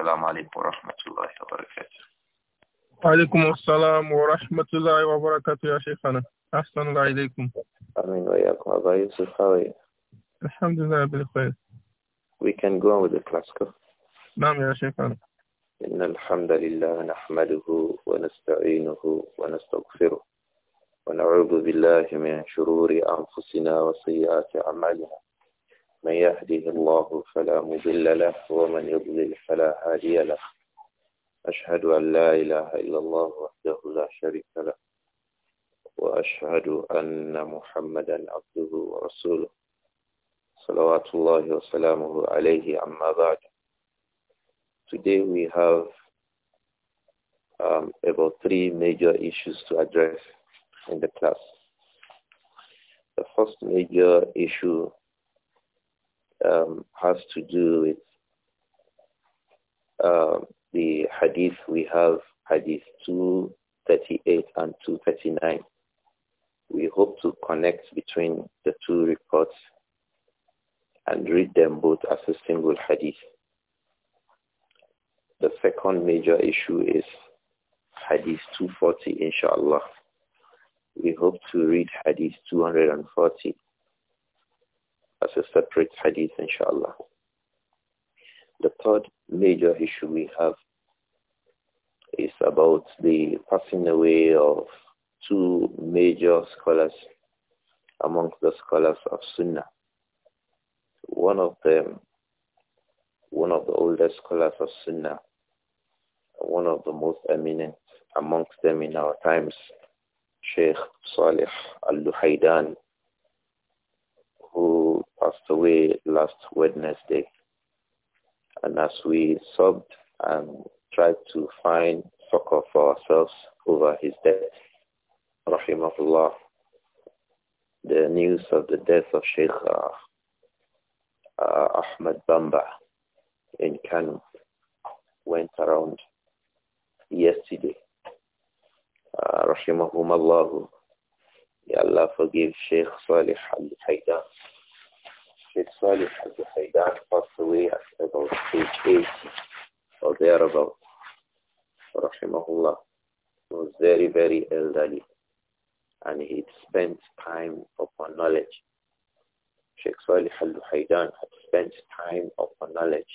السلام عليكم ورحمة الله وبركاته وعليكم السلام ورحمة الله وبركاته يا شيخنا أحسن الله إليكم أمين وإياكم أبا يوسف how are you? الحمد لله بالخير We can go on with the classical نعم يا شيخنا إن الحمد لله نحمده ونستعينه ونستغفره ونعوذ بالله من شرور أنفسنا وسيئات أعمالنا من يهده الله فلا مضل له ومن يضلل فلا هادي له أشهد أن لا إله إلا الله وحده لا شريك له وأشهد أن محمدا عبده ورسوله صلوات الله وسلامه عليه أما بعد Today we have um, about three major issues to address in the class. The first major issue um, has to do with uh, the hadith we have, hadith 238 and 239. We hope to connect between the two reports and read them both as a single hadith. The second major issue is hadith 240, inshallah. We hope to read hadith 240 as a separate hadith, inshallah. The third major issue we have is about the passing away of two major scholars among the scholars of Sunnah. One of them, one of the oldest scholars of Sunnah, one of the most eminent amongst them in our times, Sheikh Salih al-Luhaydan passed away last Wednesday. And as we sobbed and tried to find succor for ourselves over his death, rahimahullah, the news of the death of Sheikh uh, uh Ahmed Bamba in Kanu went around yesterday. Uh, rahimahum Allah. May Allah forgive Sheikh Salih Al-Haydar Sheikh Salih al-Zahaydan passed away at about age 80 or thereabout. Rahimahullah was very, very elderly and he spent time upon knowledge. Sheikh Salih al-Haydan had spent time upon knowledge.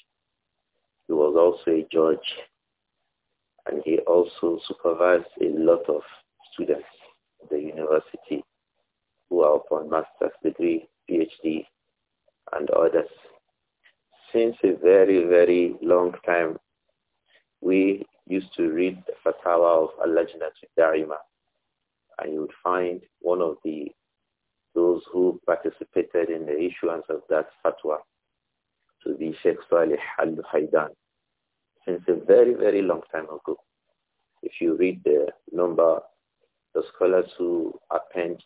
He was also a judge and he also supervised a lot of students at the university who are upon master's degree, PhD, and others. Since a very, very long time, we used to read the fatwa of Al-Lajnat daima, and you would find one of the those who participated in the issuance of that fatwa to be Sheikh Salih Al-Haidan since a very, very long time ago. If you read the number, the scholars who append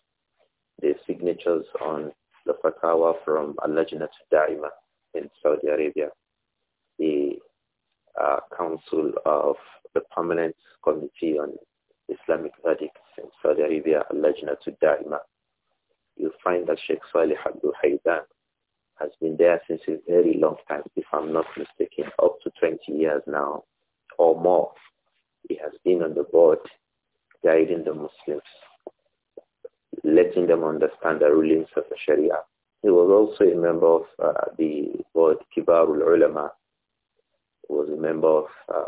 the signatures on the fatwa from Al-Lajnat Da'ima in Saudi Arabia, the uh, Council of the Permanent Committee on Islamic Verdicts in Saudi Arabia, Al-Lajnat Da'ima. You'll find that Sheikh Salih Abdul Haydan has been there since a very long time, if I'm not mistaken, up to 20 years now or more. He has been on the board guiding the Muslims letting them understand the rulings of the Sharia. He was also a member of uh, the board Kibarul Ulama. He was a member of uh,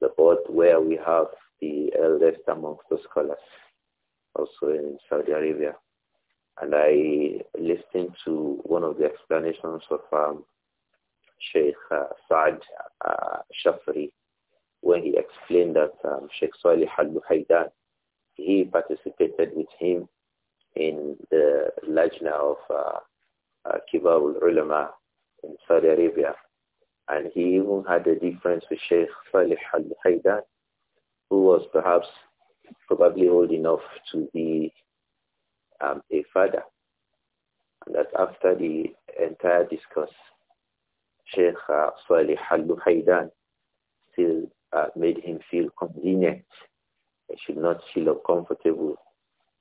the board where we have the eldest amongst the scholars, also in Saudi Arabia. And I listened to one of the explanations of um, Sheikh uh, Saad uh, Shafri when he explained that um, Sheikh Salih al-Muhaydan he participated with him in the Lajna of uh, uh Kibarul Ulama in Saudi Arabia. And he even had a difference with Sheikh Salih al-Haydan, who was perhaps probably old enough to be um, a father. And that after the entire discourse, Sheikh uh, Salih al-Haydan still uh, made him feel convenient should not feel uncomfortable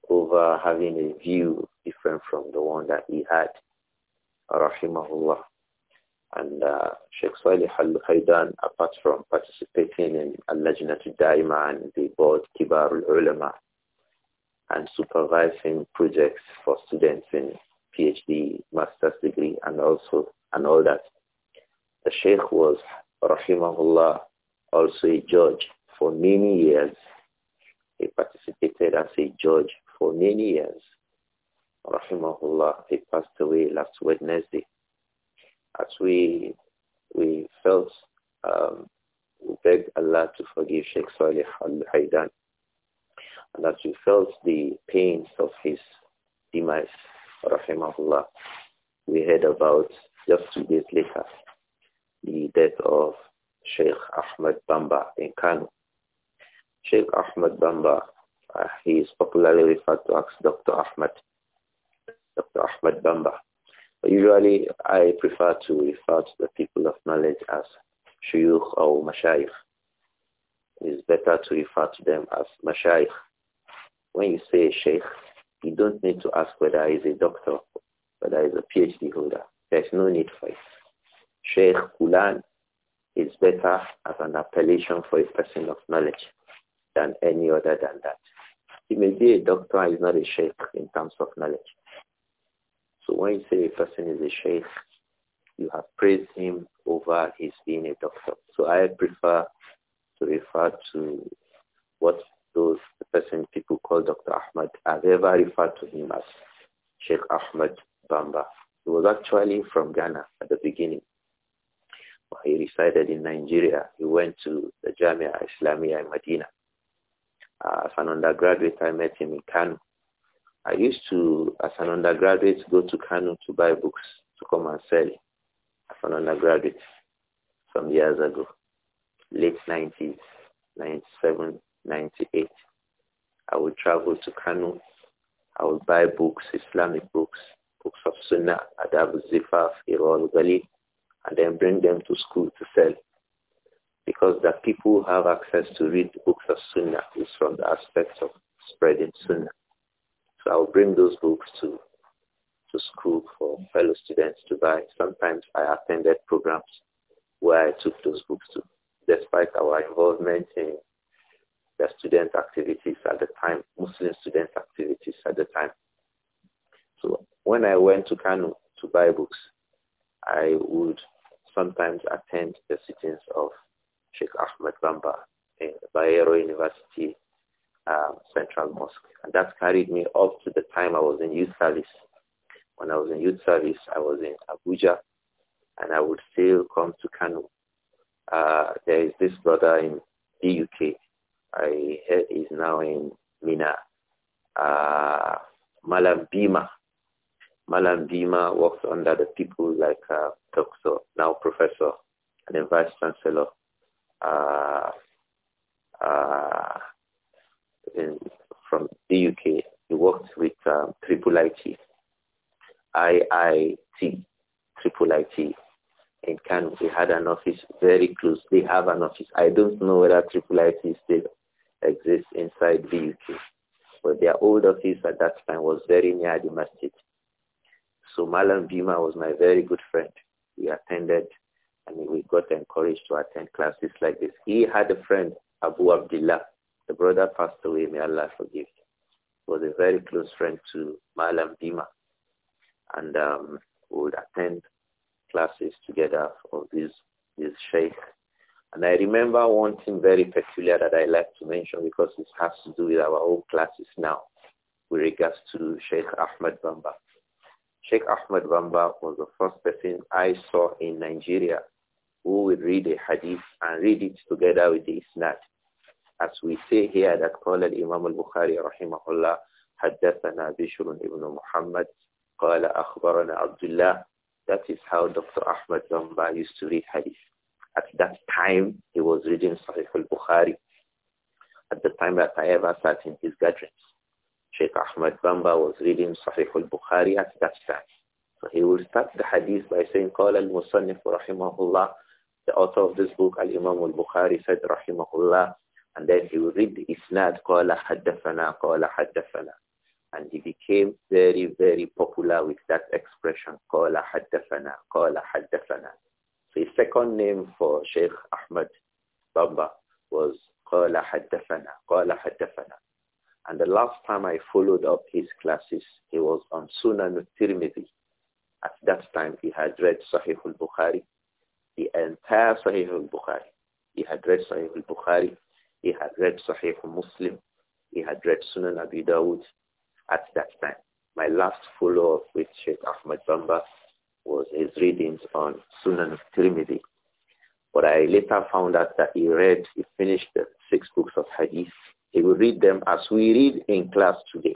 over having a view different from the one that he had. Rahimahullah. And uh, Sheikh Salih al haydan apart from participating in Al-Lajnat Daima and the board Kibar Al-Ulama and supervising projects for students in PhD, master's degree, and also and all that, the Sheikh was, Rahimahullah, also a judge for many years he participated as a judge for many years. Rahimahullah, he passed away last Wednesday. As we we felt, um, we begged Allah to forgive Sheikh Saleh al Haydan. And as we felt the pains of his demise, Rahimahullah, we heard about just two days later the death of Sheikh Ahmed Bamba in Kano. Sheikh Ahmed Bamba, uh, he is popularly referred to as Dr. Ahmed, Dr. Ahmed Bamba. But usually I prefer to refer to the people of knowledge as Shuyukh or Mashayikh. It is better to refer to them as Mashayikh. When you say Sheikh, you don't need to ask whether he is a doctor, whether he is a PhD holder. There's no need for it. Sheikh Kulan is better as an appellation for a person of knowledge than any other than that. He may be a doctor he's not a sheikh in terms of knowledge. So when you say a person is a sheikh, you have praised him over his being a doctor. So I prefer to refer to what those the person people call Dr. Ahmad have ever referred to him as Sheikh Ahmad Bamba. He was actually from Ghana at the beginning. He resided in Nigeria. He went to the Jamia Islamia in Medina. Uh, as an undergraduate, I met him in Kanu. I used to, as an undergraduate, go to Kanu to buy books to come and sell as an undergraduate some years ago, late 90s, 97, 98. I would travel to Kanu. I would buy books, Islamic books, books of Sunnah, Adab Zifaf, Irol Gali, and then bring them to school to sell because the people have access to read the books of Sunnah is from the aspect of spreading Sunnah. So I'll bring those books to to school for fellow students to buy. Sometimes I attended programs where I took those books to, despite our involvement in the student activities at the time, Muslim student activities at the time. So when I went to Kanu to buy books, I would sometimes attend the sittings of Sheikh Ahmed Bamba in Bayero University um, Central Mosque. And that carried me up to the time I was in youth service. When I was in youth service, I was in Abuja, and I would still come to Kanu. Uh, there is this brother in the UK. I is now in Mina. Uh, Malambima works under the people like uh, Dr. now Professor and then Vice Chancellor uh, uh, in, from the UK. He worked with um, Triple IT, IIT, Triple IT in Kano. They had an office very close. They have an office. I don't know whether Triple IT still exists inside the UK, but their old office at that time was very near the masjid. So Malam Bima was my very good friend. We attended and we got encouraged to attend classes like this. He had a friend, Abu Abdullah. The brother passed away, may Allah forgive him. was a very close friend to Malam Bima. And um, we would attend classes together of this, this sheikh. And I remember one thing very peculiar that I like to mention because it has to do with our own classes now with regards to Sheikh Ahmed Bamba. Sheikh Ahmed Bamba was the first person I saw in Nigeria who will read a hadith and read it together with the isnad. As we say here that قال الإمام البخاري رحمه الله حدثنا بشر ibn Muhammad قال أخبرنا عبد الله That is how Dr. Ahmad Zamba used to read hadith. At that time, he was reading Sahih al-Bukhari. At the time that I ever sat in his gatherings, Sheikh Ahmad Bamba was reading Sahih al-Bukhari at that time. So he will start the hadith by saying, قال المصنف رحمه الله the author of this book, Al-Imam al-Bukhari, said, Rahimahullah, and then he would read the Isnad, Qala Haddafana, Qala Haddafana. And he became very, very popular with that expression, Qala Haddafana, Qala Haddafana. So his second name for Sheikh Ahmed Bamba was Qala Haddafana, Qala Haddafana. And the last time I followed up his classes, he was on Sunan al-Tirmidhi. At that time, he had read Sahih al-Bukhari the entire Sahih al-Bukhari. He had read Sahih al-Bukhari. He had read Sahih muslim He had read Sunan Abi Dawud at that time. My last follow-up with Sheikh Ahmed Bamba was his readings on Sunan Tirmidhi. But I later found out that he read, he finished the six books of Hadith. He will read them as we read in class today.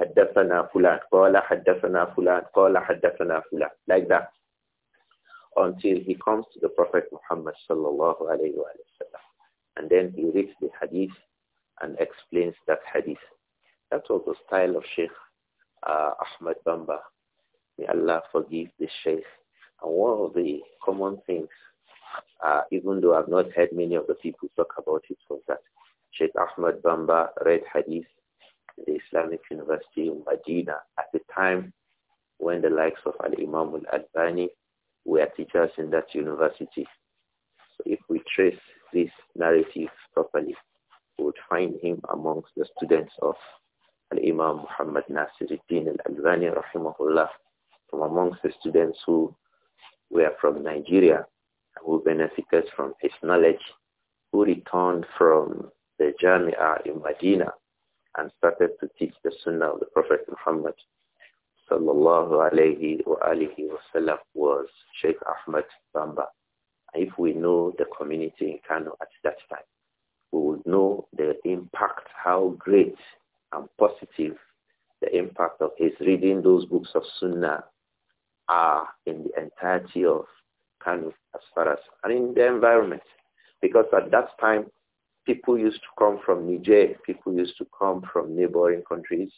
حدثنا فلان قال حدثنا فلان قال حدثنا فلان like that until he comes to the Prophet Muhammad sallallahu alayhi wa And then he reads the hadith and explains that hadith. That was the style of Sheikh uh, Ahmad Bamba. May Allah forgive the Sheikh. And one of the common things, uh, even though I've not heard many of the people talk about it, was that Sheikh Ahmad Bamba read hadith in the Islamic University in Medina at the time when the likes of Al-Imam Al-Albani were teachers in that university. So if we trace this narrative properly, we would find him amongst the students of Al-Imam Muhammad Nasiruddin Al-Albani rahimahullah, from amongst the students who were from Nigeria, who benefited from his knowledge, who returned from the journey in Medina and started to teach the Sunnah of the Prophet Muhammad sallallahu alayhi wa alihi wasallam was Sheikh Ahmed Bamba. If we know the community in Kano at that time, we would know the impact, how great and positive the impact of his reading those books of Sunnah are in the entirety of Kano as far as, and in the environment. Because at that time, people used to come from Niger, people used to come from neighboring countries,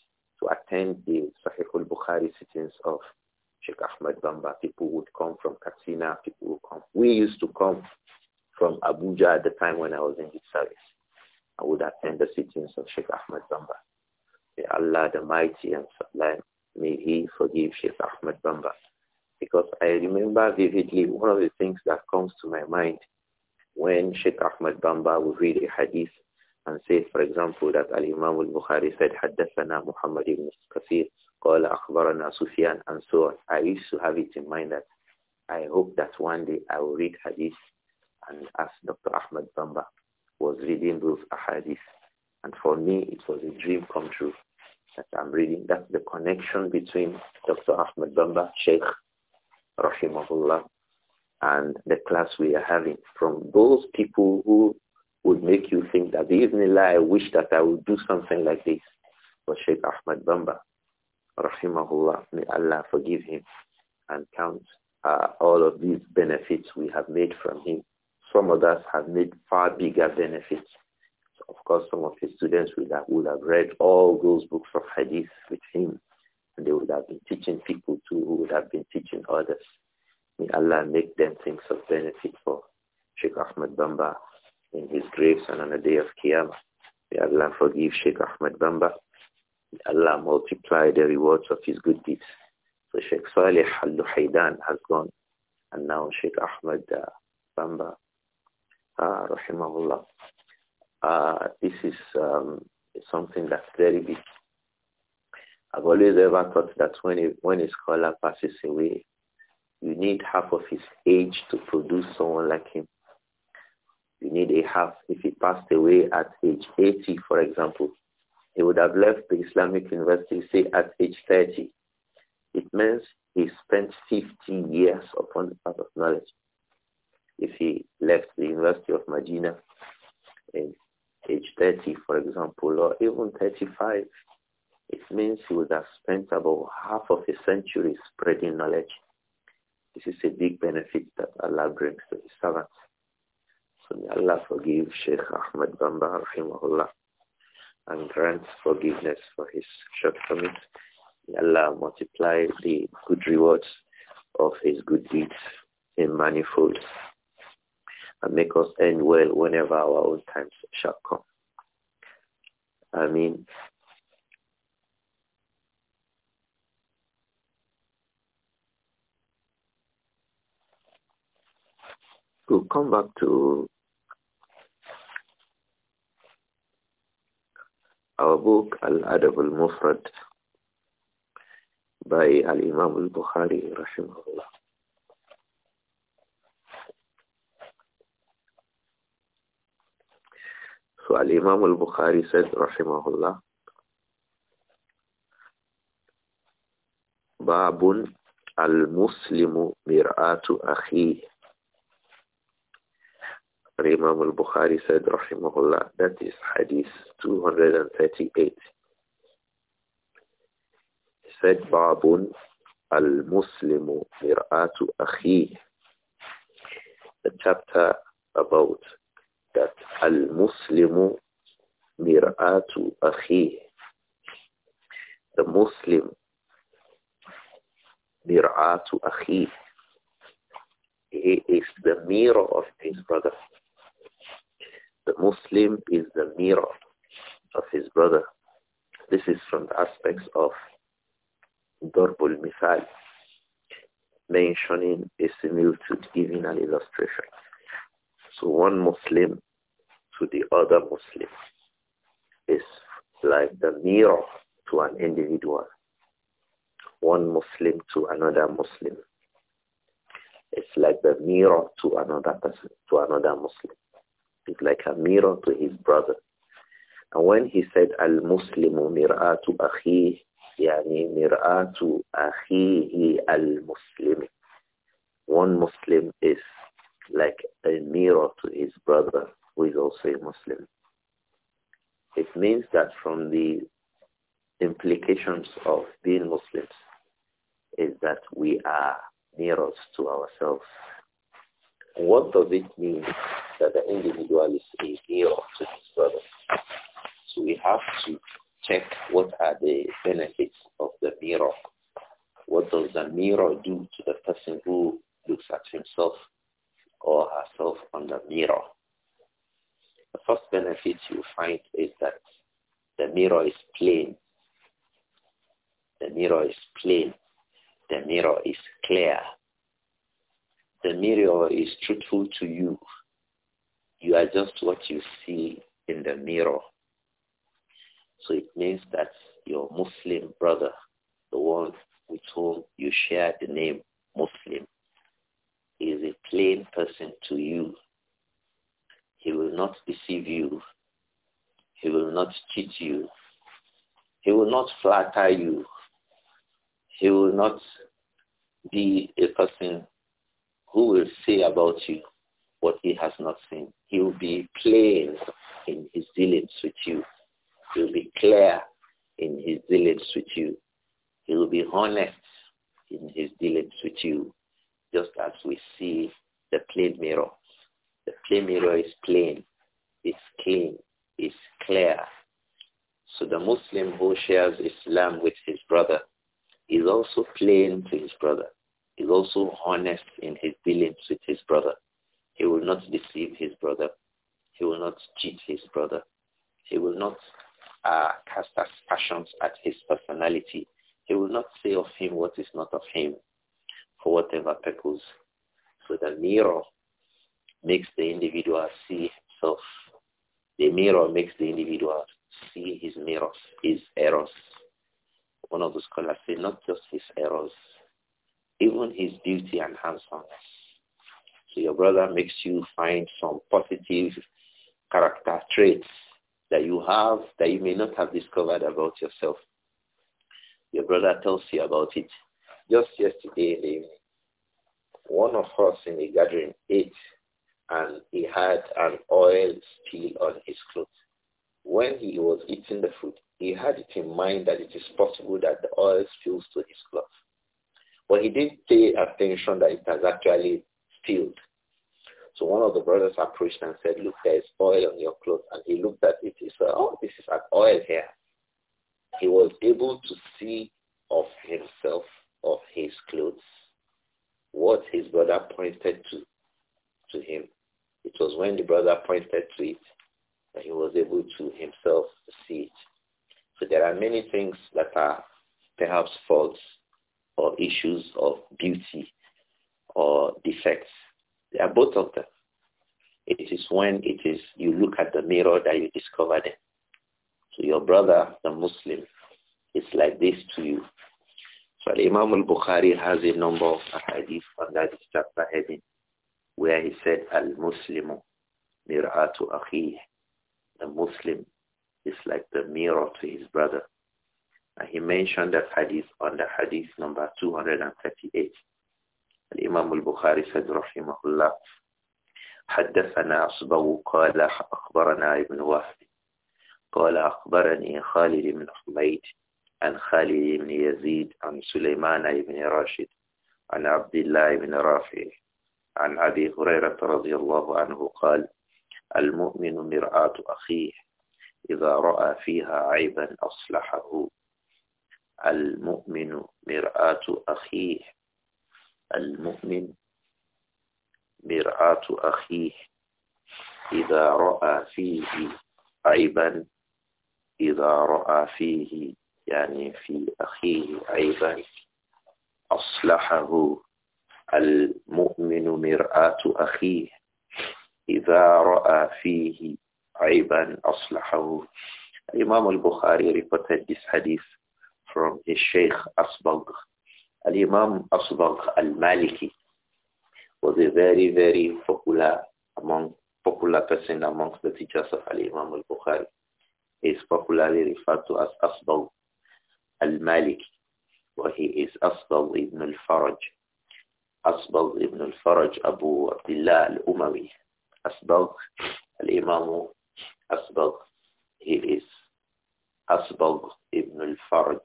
to attend the Sahih al-Bukhari sittings of Sheikh Ahmed Bamba. People would come from Katsina. People would come. We used to come from Abuja at the time when I was in his service. I would attend the sittings of Sheikh Ahmed Bamba. May Allah the Mighty and Sublime, may He forgive Sheikh Ahmed Bamba. Because I remember vividly one of the things that comes to my mind when Sheikh Ahmed Bamba would read a hadith and say, for example, that Al-Imam al-Bukhari said, حدثنا Muhammad ibn Kathir, قال أخبرنا سفيان, and so on. I used to have it in mind that I hope that one day I will read hadith and as Dr. Ahmad Bamba was reading those hadith. And for me, it was a dream come true that I'm reading. That's the connection between Dr. Ahmed Bamba, Sheikh Rahimahullah, and the class we are having from those people who would make you think that Bismillah, I wish that I would do something like this. But Sheikh Ahmad Bamba, rahimahullah, may Allah forgive him and count uh, all of these benefits we have made from him. Some of us have made far bigger benefits. So of course, some of his students would have, would have read all those books of hadith with him. And they would have been teaching people too who would have been teaching others. May Allah make them things of benefit for Sheikh Ahmad Bamba in his graves and on the day of Qiyamah. May Allah forgive Sheikh Ahmed Bamba. May Allah multiply the rewards of his good deeds. So Sheikh Saleh Al-Luhaydan has gone and now Sheikh Ahmed uh, Bamba, uh, rahimahullah. Uh, this is um, something that's very big. I've always ever thought that when a, when a scholar passes away, you need half of his age to produce someone like him. You need a half. If he passed away at age 80, for example, he would have left the Islamic University, say, at age 30. It means he spent 50 years upon the path of knowledge. If he left the University of Medina at age 30, for example, or even 35, it means he would have spent about half of a century spreading knowledge. This is a big benefit that Allah brings to his servants. So may Allah forgive Sheikh Ahmed Bamba, rahimahullah, and grant forgiveness for his shortcomings. May Allah multiply the good rewards of his good deeds in manifold and make us end well whenever our own times shall come. I mean, we'll come back to our book Al-Adab al-Mufrad by Al-Imam al-Bukhari rahimahullah. So Al-Imam al-Bukhari said rahimahullah Babun al-Muslimu mir'atu akhihi Imam al-Bukhari said, rahimahullah, that is hadith 238. He said, Babun al-Muslimu mir'atu akhi. The chapter about that al-Muslimu mir'atu akhi. The Muslim mir'atu akhi. He is the mirror of his brother. The Muslim is the mirror of his brother. This is from the aspects of Dorbul Mithal, mentioning a similitude, giving an illustration. So one Muslim to the other Muslim is like the mirror to an individual. One Muslim to another Muslim. It's like the mirror to another person, to another Muslim is like a mirror to his brother. And when he said, Al-Muslimu mir'atu Ahi yani mir'atu akhihi al-Muslim. One Muslim is like a mirror to his brother who is also a Muslim. It means that from the implications of being Muslims is that we are mirrors to ourselves what does it mean that the individual is a mirror to his brother? So we have to check what are the benefits of the mirror. What does the mirror do to the person who looks at himself or herself on the mirror? The first benefit you find is that the mirror is plain. The mirror is plain. The mirror is clear the mirror is truthful to you. You are just what you see in the mirror. So it means that your Muslim brother, the one with whom you share the name Muslim, is a plain person to you. He will not deceive you. He will not cheat you. He will not flatter you. He will not be a person who will say about you what he has not seen. He will be plain in his dealings with you. He will be clear in his dealings with you. He will be honest in his dealings with you, just as we see the plain mirror. The plain mirror is plain, it's clean, it's clear. So the Muslim who shares Islam with his brother is also plain to his brother is also honest in his dealings with his brother. He will not deceive his brother. He will not cheat his brother. He will not uh, cast aspersions at his personality. He will not say of him what is not of him for whatever purpose. So the mirror makes the individual see himself. The mirror makes the individual see his mirrors, his errors. One of the scholars said not just his errors, even his beauty and handsomeness. So your brother makes you find some positive character traits that you have that you may not have discovered about yourself. Your brother tells you about it. Just yesterday in the evening, one of us in the gathering ate and he had an oil spill on his clothes. When he was eating the food, he had it in mind that it is possible that the oil spills to his clothes. But he did pay attention that it has actually filled. So one of the brothers approached and said, look, there is oil on your clothes. And he looked at it. He said, oh, this is an oil here. He was able to see of himself, of his clothes, what his brother pointed to, to him. It was when the brother pointed to it that he was able to himself see it. So there are many things that are perhaps false or issues of beauty or defects. They are both of them. It is when it is you look at the mirror that you discover them. So your brother, the Muslim, is like this to you. So Imam al-Bukhari has a number of hadith on that chapter heading where he said, Al-Muslimu mir'atu akhih. The Muslim is like the mirror to his brother. And he mentioned that hadith on the hadith number 238. الإمام البخاري said رحمه الله حدثنا أصبه قال أخبرنا ابن وهب قال أخبرني خالد بن حميد عن خالد بن يزيد عن سليمان بن راشد عن عبد الله بن رافع عن أبي هريرة رضي الله عنه قال المؤمن مرآة أخيه إذا رأى فيها عيبا أصلحه المؤمن مرآة أخيه المؤمن مرآة أخيه إذا رأى فيه عيبا إذا رأى فيه يعني في أخيه عيبا أصلحه المؤمن مرآة أخيه إذا رأى فيه عيبا أصلحه الإمام البخاري bukhari reported from his Sheikh Asbagh. Al-Imam Asbagh al-Maliki was a very, very popular among popular person amongst the teachers of Al-Imam al-Bukhari. He is popularly referred to as Asbagh al-Maliki, but he is Asbagh ibn al-Faraj. Asbagh ibn al-Faraj Abu Abdullah al-Umawi. Asbagh, al-Imam Asbagh, he is Asbagh ibn al-Faraj,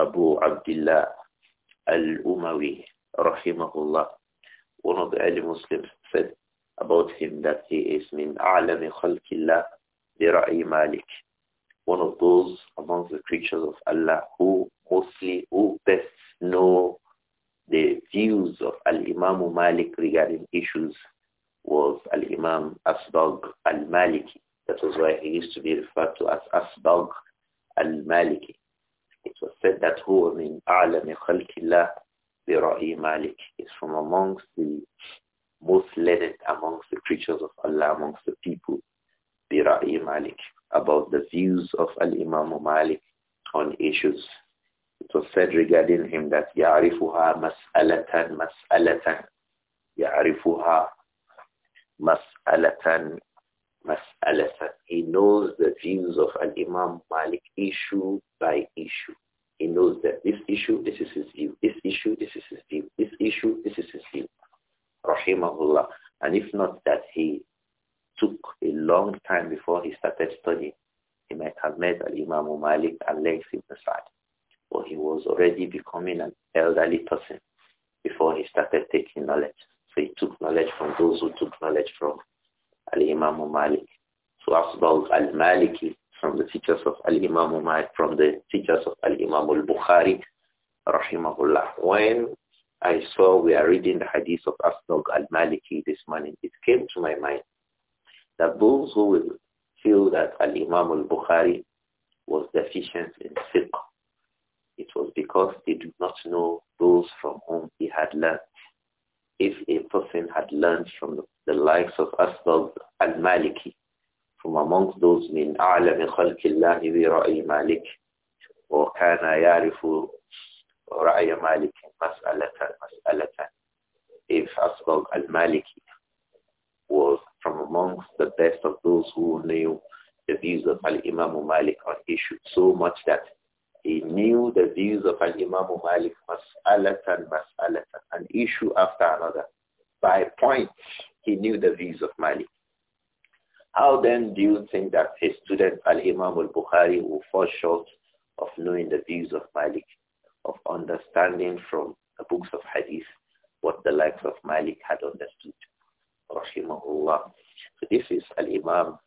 Abu Abdullah al-Umawi, rahimahullah, one of the early Muslims said about him that he is min a'lami khalqillah bira'i malik, one of those among the creatures of Allah who mostly, who best know the views of Al-Imam Malik regarding issues was Al-Imam Asbagh al-Maliki. That was why he used to be referred to as Asbagh al-Maliki. It was said that who min a'lami khalqillah bira'i Malik is from amongst the most learned amongst the creatures of Allah, amongst the people, bira'i Malik, about the views of al-Imam Malik on issues. It was said regarding him that يعرفها مسألة مسألة يعرفها مسألة mas'alatan. He knows the views of an Imam Malik issue by issue. He knows that this issue, this is his view. This issue, this is his view. This issue, this is his view. Rahimahullah. And if not that he took a long time before he started studying, he might have met Imam Malik and legs in the side. But he was already becoming an elderly person before he started taking knowledge. So he took knowledge from those who took knowledge from Al-Imam Malik. So Asbah al-Maliki from the teachers of Al-Imam Malik, from the teachers of Al-Imam al-Bukhari, rahimahullah. When I saw we are reading the hadith of Asbah al-Maliki this morning, it came to my mind that those who will feel that Al-Imam al-Bukhari was deficient in fiqh, it was because they do not know those from whom he had learned if a person had learned from the, likes of Asbab al-Maliki, from amongst those min أعلم خلق الله برأي مالك وكان يعرف رأي مالك مسألة مسألة if Asbab al-Maliki was from amongst the best of those who knew the views of Al-Imam Malik on issues so much that he knew the views of Al-Imam Malik, mas'alatan, mas'alatan, an issue after another. By point, he knew the views of Malik. How then do you think that his student Al-Imam al-Bukhari will fall short of knowing the views of Malik, of understanding from the books of Hadith what the likes of Malik had understood? Rahimahullah. So this is Al-Imam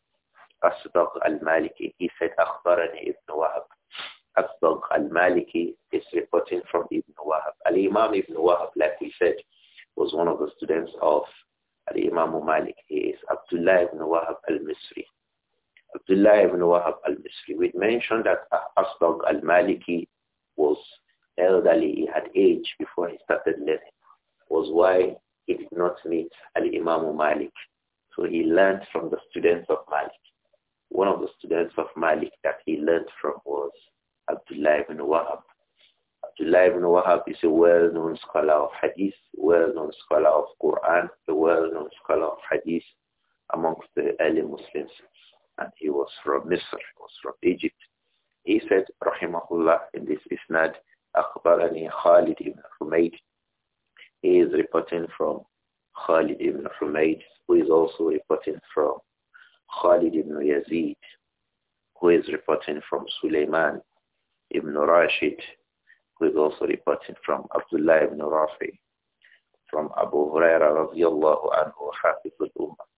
Asdaq al-Maliki. He said, أخبرني ابن وهب Asbagh al-Maliki is reporting from Ibn Wahab. Al-Imam Ibn Wahab, like we said, was one of the students of Al-Imam Malik. He is Abdullah Ibn Wahab al-Misri. Abdullah Ibn Wahab al-Misri. We mentioned that Asbagh al-Maliki was elderly. He had age before he started learning. Was why he did not meet Al-Imam Malik. So he learned from the students of Malik. One of the students of Malik that he learned from was Abdullah ibn Wahab. Abdullah ibn Wahab is a well-known scholar of hadith, well-known scholar of Quran, a well-known scholar of hadith amongst the early Muslims. And he was from Misr, he was from Egypt. He said, Rahimahullah, in this isnad, Akbarani Khalid ibn Humaid. He is reporting from Khalid ibn Humaid, who is also reporting from Khalid ibn Yazid, who is reporting from Suleiman Ibn Rashid, who is also reporting from Abdullah ibn Rafi, from Abu Huraira radiallahu anhu, Hafizul Ummah.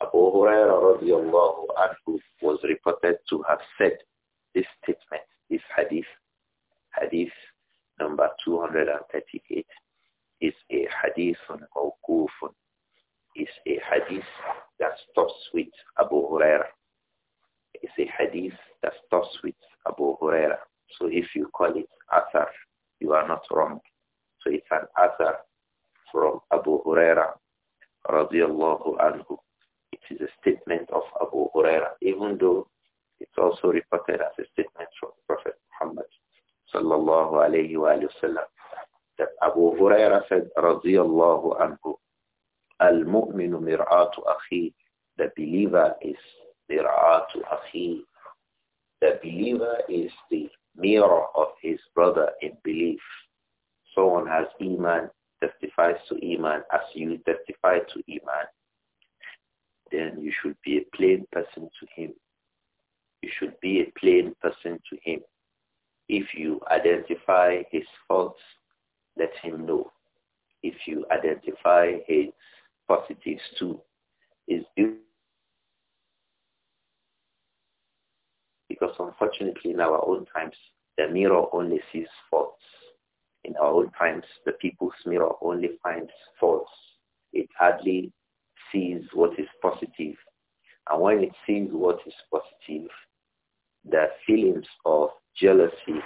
Abu Huraira radiallahu anhu was reported to have said this statement, this hadith, hadith number 238, is a hadith on mawkufun, is a hadith that stops with Abu Huraira. It's a hadith that stops with Abu Huraira. So if you call it Asar, you are not wrong. So it's an Asar from Abu Huraira radiallahu anhu. It is a statement of Abu Huraira, even though it's also reported as a statement from Prophet Muhammad sallallahu alayhi wa sallam that Abu Huraira said radiallahu anhu, al-mu'minu mir'atu akhi, the believer is mir'atu akhi, the believer is the mirror of his brother in belief. Someone has Iman, testifies to Iman as you testify to Iman. Then you should be a plain person to him. You should be a plain person to him. If you identify his faults, let him know. If you identify his positives too, is beautiful because unfortunately in our own times, the mirror only sees faults. In our own times, the people's mirror only finds faults. It hardly sees what is positive. And when it sees what is positive, the feelings of jealousy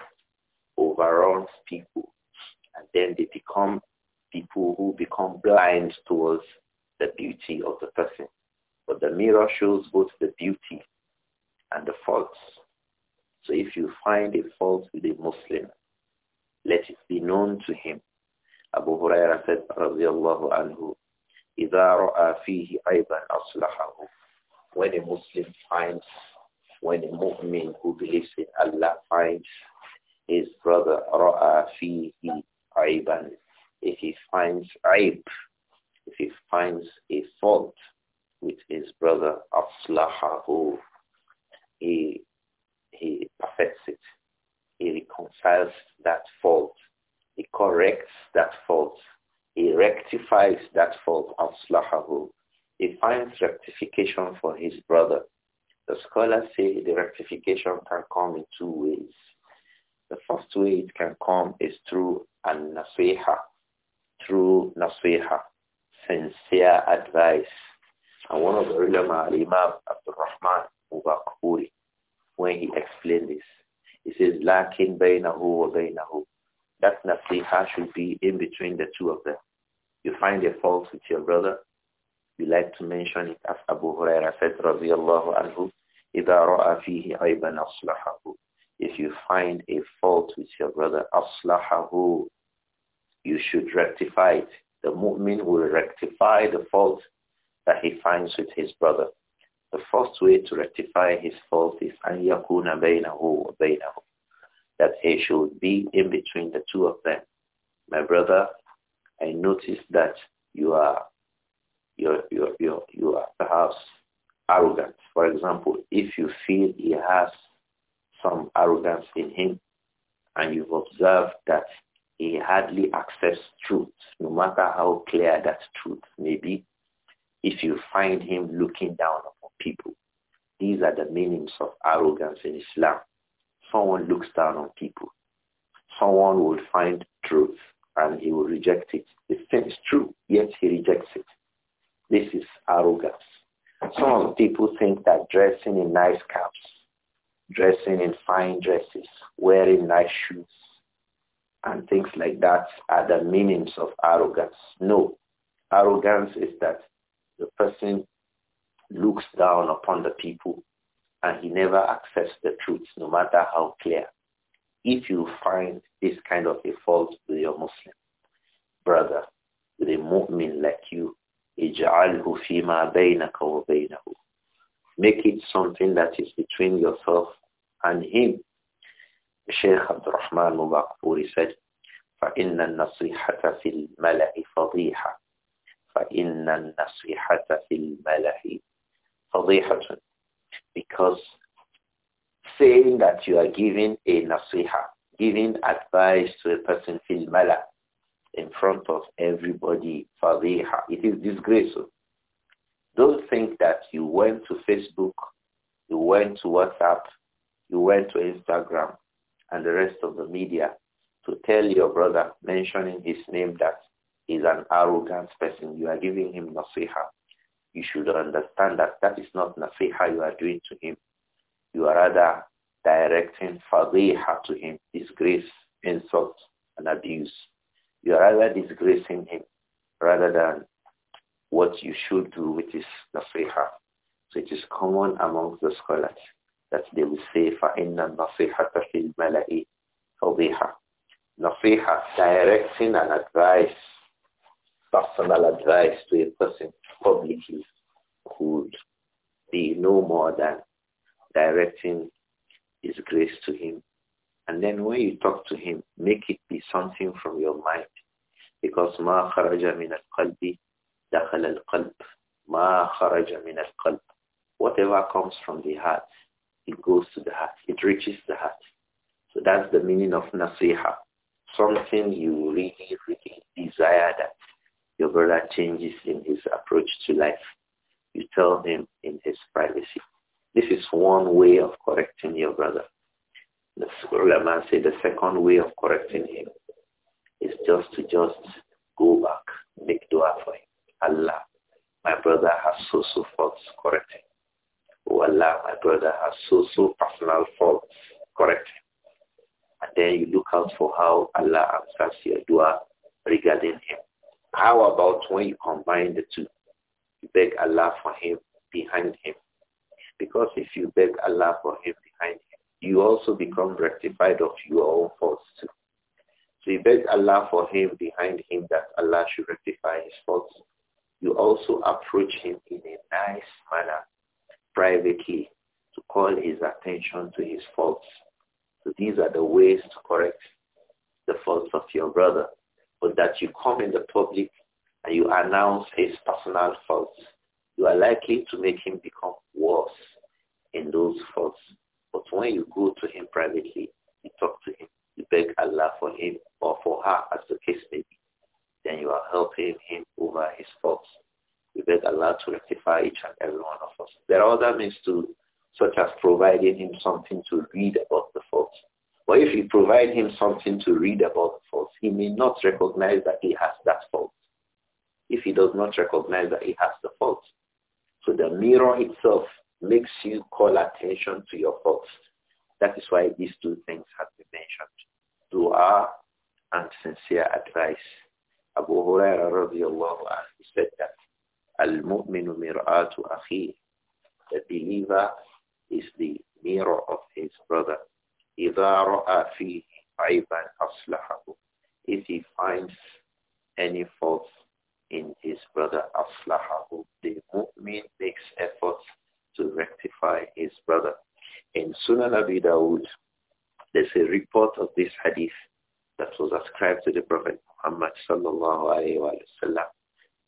overruns people. And then they become people who become blind towards the beauty of the person. But the mirror shows both the beauty and the faults so if you find a fault with a Muslim, let it be known to him. Abu Huraira said, radiallahu anhu, إِذَا رَأَى فِيهِ عَيْبًا أَصْلَحَهُ When a Muslim finds, when a mu'min who believes in Allah finds his brother, رَأَى فِيهِ عَيْبًا If he finds عيب, if he finds a fault with his brother, أَصْلَحَهُ He he perfects it. He reconciles that fault. He corrects that fault. He rectifies that fault of slahahu. He finds rectification for his brother. The scholars say the rectification can come in two ways. The first way it can come is through an nasiha, through nasiha, sincere advice. And one of the ulama, Imam Abdul Rahman when he explained this. He says, Lakin bainahu wa bainahu. That nasiha should be in between the two of them. You find a fault with your brother, you like to mention it as Abu Huraira said, radiallahu anhu, إِذَا رَأَ فِيهِ عَيْبًا أَصْلَحَهُ If you find a fault with your brother, أَصْلَحَهُ You should rectify it. The mu'min will rectify the fault that he finds with his brother. The first way to rectify his fault is أن يكون بينه وبينه that he should be in between the two of them. My brother, I notice that you are you you you you are perhaps arrogant. For example, if you feel he has some arrogance in him, and you've observed that he hardly accepts truth, no matter how clear that truth may be, if you find him looking down on people. These are the meanings of arrogance in Islam. Someone looks down on people. Someone will find truth and he will reject it. It seems true, yet he rejects it. This is arrogance. Some people think that dressing in nice caps, dressing in fine dresses, wearing nice shoes, and things like that are the meanings of arrogance. No, arrogance is that the person looks down upon the people and he never accepts the truth, no matter how clear. If you find this kind of a fault with your Muslim brother, with a mu'min like you, اجعله فيما بينك وبينه. Make it something that is between yourself and him. Sheikh Abdul Rahman Mubakpuri said, فإن النصيحة في الْمَلَحِ فضيحة فإن النصيحة في الْمَلَحِ because saying that you are giving a nasiha, giving advice to a person fil in front of everybody, fadiha, it is disgraceful. Don't think that you went to Facebook, you went to WhatsApp, you went to Instagram and the rest of the media to tell your brother mentioning his name that he's an arrogant person. You are giving him nasiha you should understand that that is not nasiha you are doing to him. You are rather directing fadiha to him, disgrace, insult, and abuse. You are rather disgracing him rather than what you should do with his nasiha. So it is common among the scholars that they will say, فَإِنَّ النَّصِيحَةَ فِي الْمَلَئِ فَضِيحَةً Nasiha, directing and advice personal advice to a person publicly could be no more than directing his grace to him. And then when you talk to him, make it be something from your mind. Because ma kharaja min al-qalbi dakhala al-qalb. Ma kharaja min al-qalb. Whatever comes from the heart, it goes to the heart. It reaches the heart. So that's the meaning of nasiha. Something you really, really desire that your brother changes in his approach to life. You tell him in his privacy. This is one way of correcting your brother. The ulama said the second way of correcting him is just to just go back, make dua for him. Allah, my brother has so so faults, correct him. Oh Allah, my brother has so so personal faults, correct him. And then you look out for how Allah answers your dua regarding him. How about when you combine the two? You beg Allah for him behind him. Because if you beg Allah for him behind him, you also become rectified of your own faults too. So you beg Allah for him behind him that Allah should rectify his faults. You also approach him in a nice manner, privately, to call his attention to his faults. So these are the ways to correct the faults of your brother but that you come in the public and you announce his personal faults, you are likely to make him become worse in those faults. But when you go to him privately, you talk to him, you beg Allah for him or for her as the case may be, then you are helping him over his faults. We beg Allah to rectify each and every one of us. There are other means too, such as providing him something to read about the faults but if you provide him something to read about the faults, he may not recognize that he has that fault. If he does not recognize that he has the fault. So the mirror itself makes you call attention to your faults. That is why these two things have been mentioned. Dua and sincere advice. Abu Huraira radiallahu anhu said that Al-mu'minu mir'atu akhi. The believer is the mirror of his brother. إِذَا رَأَى فِيهِ عَيْبًا أَصْلَحَهُ If he finds any fault in his brother أَصْلَحَهُ The mu'min makes efforts to rectify his brother. In Sunan Abi Dawud, there's a report of this hadith that was ascribed to the Prophet Muhammad sallallahu alayhi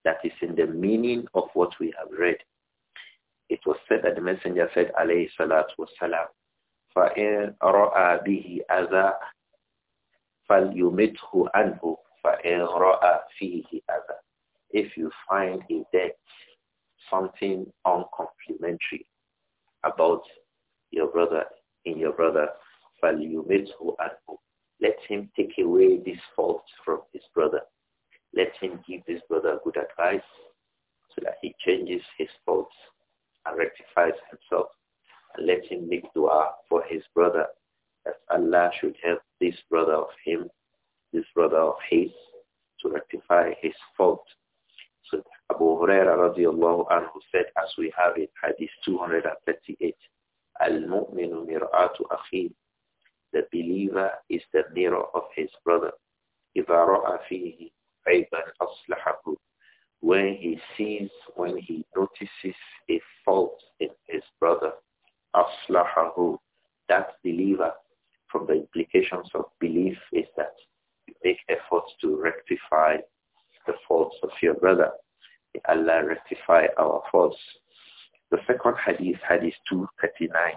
That is in the meaning of what we have read. It was said that the Messenger said alayhi salatu wasalam, فإن رأى به أذى فليمته عنه فإن رأى فيه أذى If you find a debt, something uncomplimentary about your brother, in your brother, فليمته عنه Let him take away this fault from his brother. Let him give his brother good advice so that he changes his faults and rectifies himself let him make dua for his brother, that Allah should help this brother of him, this brother of his, to rectify his fault. So Abu Huraira radiallahu anhu said, as we have in Hadith 238, Al-mu'minu mir'atu The believer is the mirror of his brother. إِذَا رَأَ فِيهِ When he sees, when he notices a fault in his brother, أصلحه that believer from the implications of belief is that you make efforts to rectify the faults of your brother. Allah rectify our faults. The second hadith, hadith 239.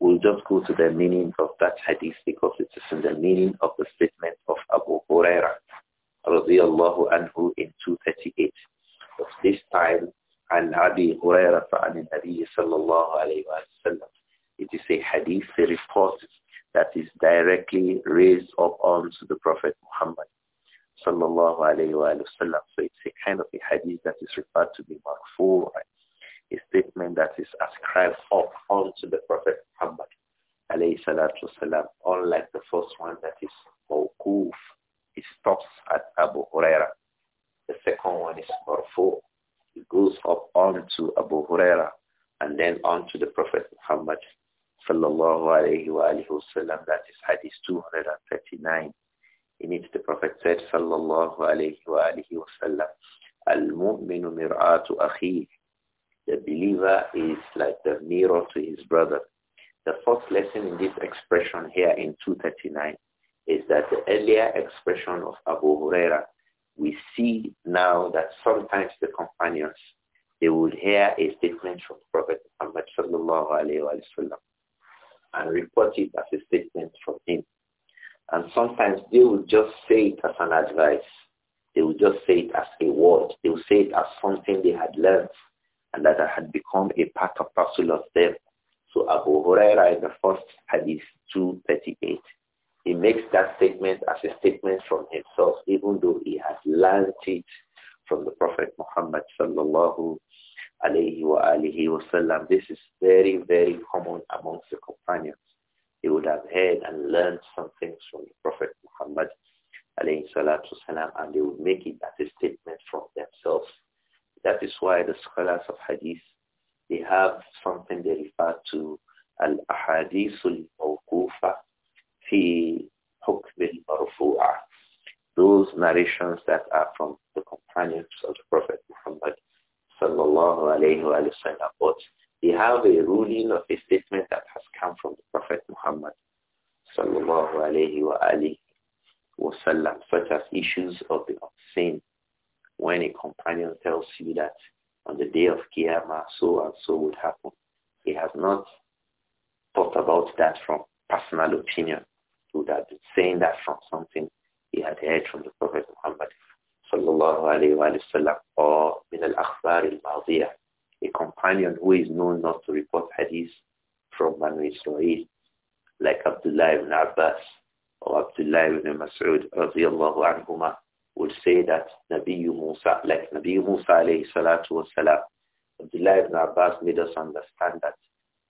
We'll just go to the meaning of that hadith because it is in the meaning of the statement of Abu Huraira radiallahu anhu in 238. But this time عن أبي هريرة عن النبي صلى الله عليه وسلم. It is a hadith, a report that is directly raised up onto the Prophet Muhammad sallallahu alayhi wa So it's a kind of a hadith that is referred to be marfu, a statement that is ascribed up onto the Prophet Muhammad alayhi salatu wasalam, unlike the first one that is mawkuf. It stops at Abu Huraira. The second one is marfu. It goes up on to Abu Huraira and then on to the Prophet Muhammad sallallahu alayhi wa alayhi wa sallam. That is hadith 239. In it the Prophet said sallallahu alayhi wa alayhi wa sallam, Al-mu'minu mir'atu akhihi. The believer is like the mirror to his brother. The fourth lesson in this expression here in 239 is that the earlier expression of Abu Huraira we see now that sometimes the companions, they would hear a statement from Prophet Muhammad and report it as a statement from him. And sometimes they would just say it as an advice. They would just say it as a word. They would say it as something they had learned and that had become a part of parcel of them. So Abu Huraira in the first hadith 238 makes that statement as a statement from himself, even though he has learned it from the Prophet Muhammad sallallahu alayhi wa alihi wasallam. This is very, very common amongst the companions. They would have heard and learned some things from the Prophet Muhammad alayhi salatu wasalam, and they would make it as a statement from themselves. That is why the scholars of hadith, they have something they refer to al-ahadithul mawkufa, في حكم المرفوعة those narrations that are from the companions of the Prophet Muhammad sallallahu alayhi wa sallam but they have a ruling of a statement that has come from the Prophet Muhammad sallallahu alayhi wa wasallam, such as issues of the obscene. When a companion tells you that on the day of Qiyamah, so and so would happen, he has not thought about that from personal opinion would have been saying that from something he had heard from the Prophet Muhammad sallallahu alayhi wa sallam or min al-akhbar al a companion who is known not to report hadith from Banu Israel, like Abdullah ibn Abbas or Abdullah ibn Mas'ud radiallahu anhuma, would say that Nabi Musa, like Nabi Musa alayhi salatu was salam, Abdullah ibn Abbas made us understand that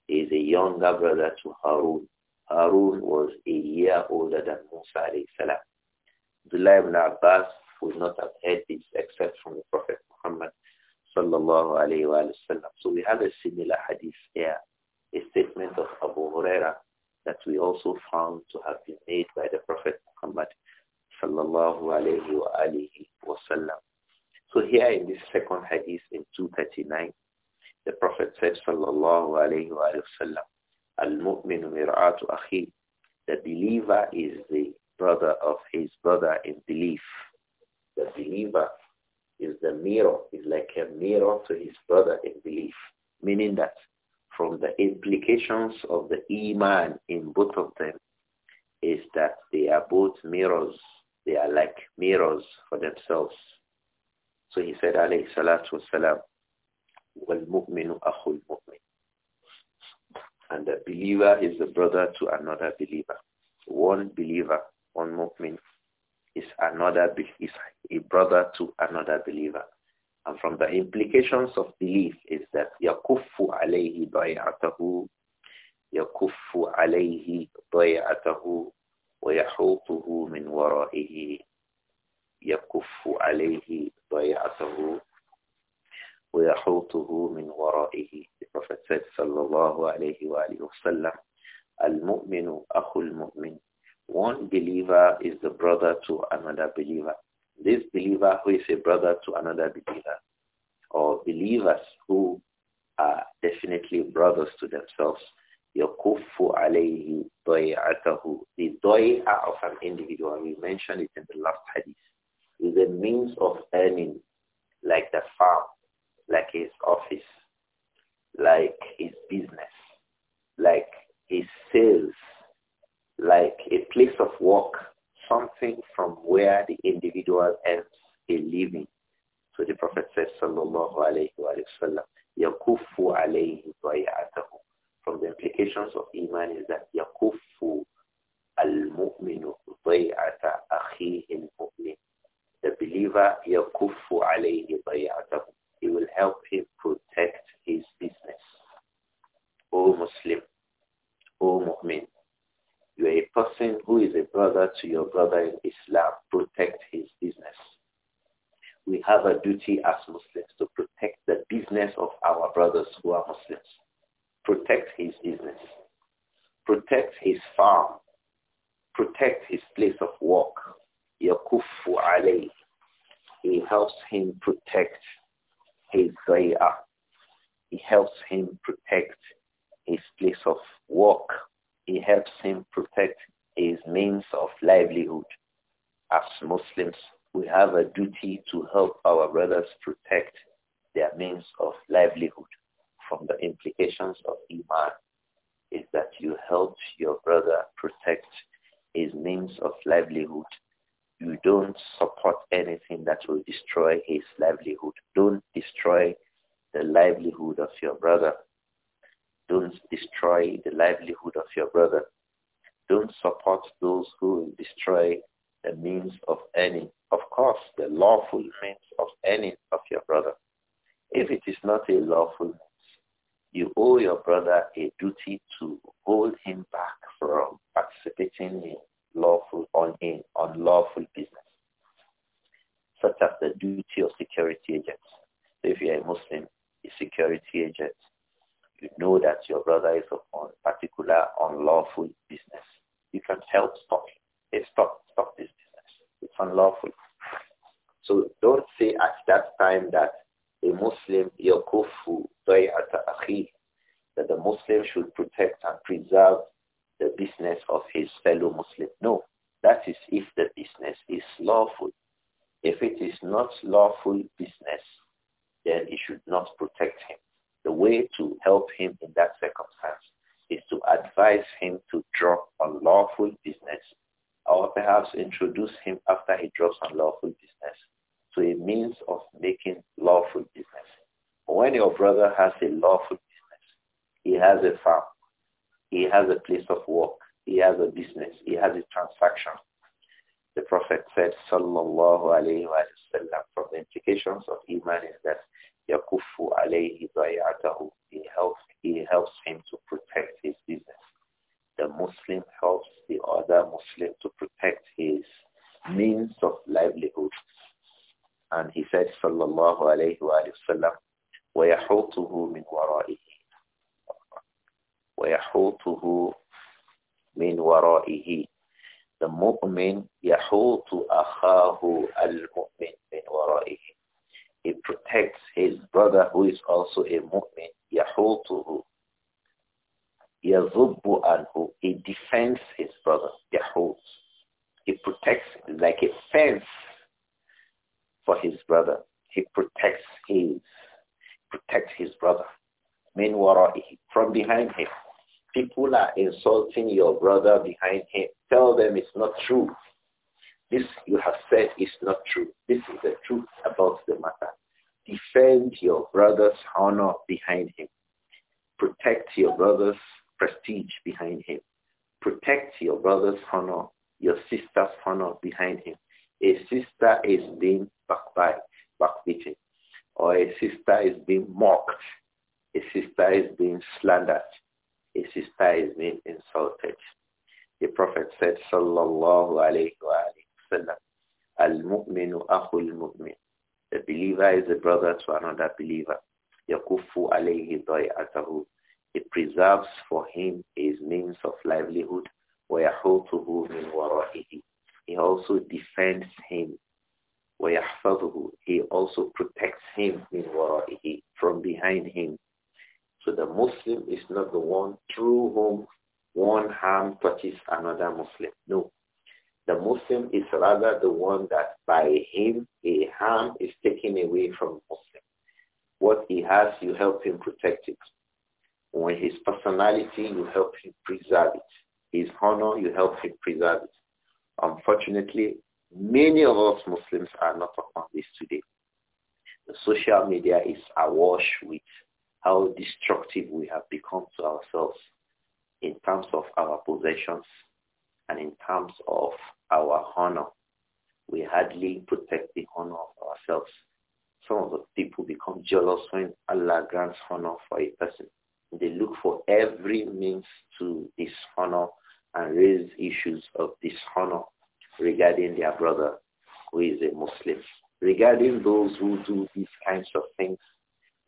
he is a younger brother to Harun Harun was a year older than Musa alayhi salam. Abdullah ibn Abbas would not have heard this except from the Prophet Muhammad sallallahu alayhi wa sallam. So we have a similar hadith here, a statement of Abu Huraira that we also found to have been made by the Prophet Muhammad sallallahu alayhi wa wa sallam. So here in this second hadith in 239, the Prophet said sallallahu alayhi wa sallam, Al-mu'min mir'atu The believer is the brother of his brother in belief. The believer is the mirror, is like a mirror to his brother in belief, meaning that from the implications of the iman in both of them is that they are both mirrors. They are like mirrors for themselves. So he said, alayhi salatu wasalam, وَالْمُؤْمِنُ أَخُو mumin and the believer is a brother to another believer. One believer, one mu'min, is another is a brother to another believer. And from the implications of belief is that yakuffu alayhi bay'atahu, yakuffu alayhi bay'atahu, wa yahutuhu min waraihi, yakuffu alayhi bay'atahu, وَيَحُوطُهُ مِنْ وَرَائِهِ said, One believer is the brother to another believer. This believer who is a brother to another believer, or believers who are definitely brothers to themselves, يكُفُ عليهِ doy'atahu. The doy'a of an individual, we mentioned it in the last hadith, is a means of earning, like the farm like his office, like his business, like his sales, like a place of work, something from where the individual earns a living. So the Prophet says, Sallallahu Alaihi Wasallam, Yakufu Alayhi Bayatahu. From the implications of Iman is that Yakufu Al-Mu'minu Bayata Akhi Al-Mu'min. The believer Yakufu Alayhi Bayatahu it will help him protect his business. O Muslim, O Mu'min, you are a person who is a brother to your brother in Islam. Protect his business. We have a duty as Muslims to protect the business of our brothers who are Muslims. Protect his business. Protect his farm. Protect his place of work. Yakufu alayh. He helps him protect his zay'ah. He helps him protect his place of work. He helps him protect his means of livelihood. As Muslims, we have a duty to help our brothers protect their means of livelihood from the implications of Iman is that you help your brother protect his means of livelihood you don't support anything that will destroy his livelihood. Don't destroy the livelihood of your brother. Don't destroy the livelihood of your brother. Don't support those who will destroy the means of earning. Of course, the lawful means of earning of your brother. If it is not a lawful means, you owe your brother a duty to hold him back from participating in lawful on in unlawful business, such as the duty of security agents. So if you're a Muslim, a security agent, you know that your brother is on particular unlawful business. You can help stop it. Eh, stop, stop this business. It's unlawful. So don't say at that time that a Muslim yakufu da'ata akhi, that the Muslim should protect and preserve the business of his fellow Muslim. No, that is if the business is lawful. If it is not lawful business, then it should not protect him. The way to help him in that circumstance is to advise him to drop unlawful business or perhaps introduce him after he drops unlawful business to a means of making lawful business. When your brother has a lawful business, he has a farm, he has a place of work. He has a business. He has a transaction. The Prophet said, Sallallahu alayhi wasallam." from the implications of Iman is that Yakufu alayhi bayatahu. He helps, he helps him to protect his business. The Muslim helps the other Muslim to protect his means of livelihood. And he said, Sallallahu alayhi wa sallam, وَيَحُوتُهُ مِنْ وَرَائِهِ وَيَحُوتُهُ مِنْ وَرَائِهِ The mu'min يَحُوتُ أَخَاهُ الْمُؤْمِنْ مِنْ وَرَائِهِ He protects his brother who is also a mu'min. يَحُوتُهُ يَذُبُّ عَنْهُ He defends his brother. يَحُوتُ He protects like a fence for his brother. He protects his protects his brother. Min wara'ihi, from behind him people are insulting your brother behind him, tell them it's not true. This you have said is not true. This is the truth about the matter. Defend your brother's honor behind him. Protect your brother's prestige behind him. Protect your brother's honor, your sister's honor behind him. A sister is being backbite, backbeaten, or a sister is being mocked. A sister is being slandered liar is being insulted. The Prophet said, Sallallahu alayhi wa sallam, Al-mu'minu akhul mu'min. The believer is a brother to another believer. Yakufu alayhi day'atahu. It preserves for him rather the one that by him a harm is taken away from Muslim. What he has, you help him protect it. When his personality, you help him preserve it. His honor, you help him preserve it. Unfortunately, many of us Muslims are not upon this today. The social media is awash with Honor for a person. They look for every means to dishonor and raise issues of dishonor regarding their brother who is a Muslim. Regarding those who do these kinds of things,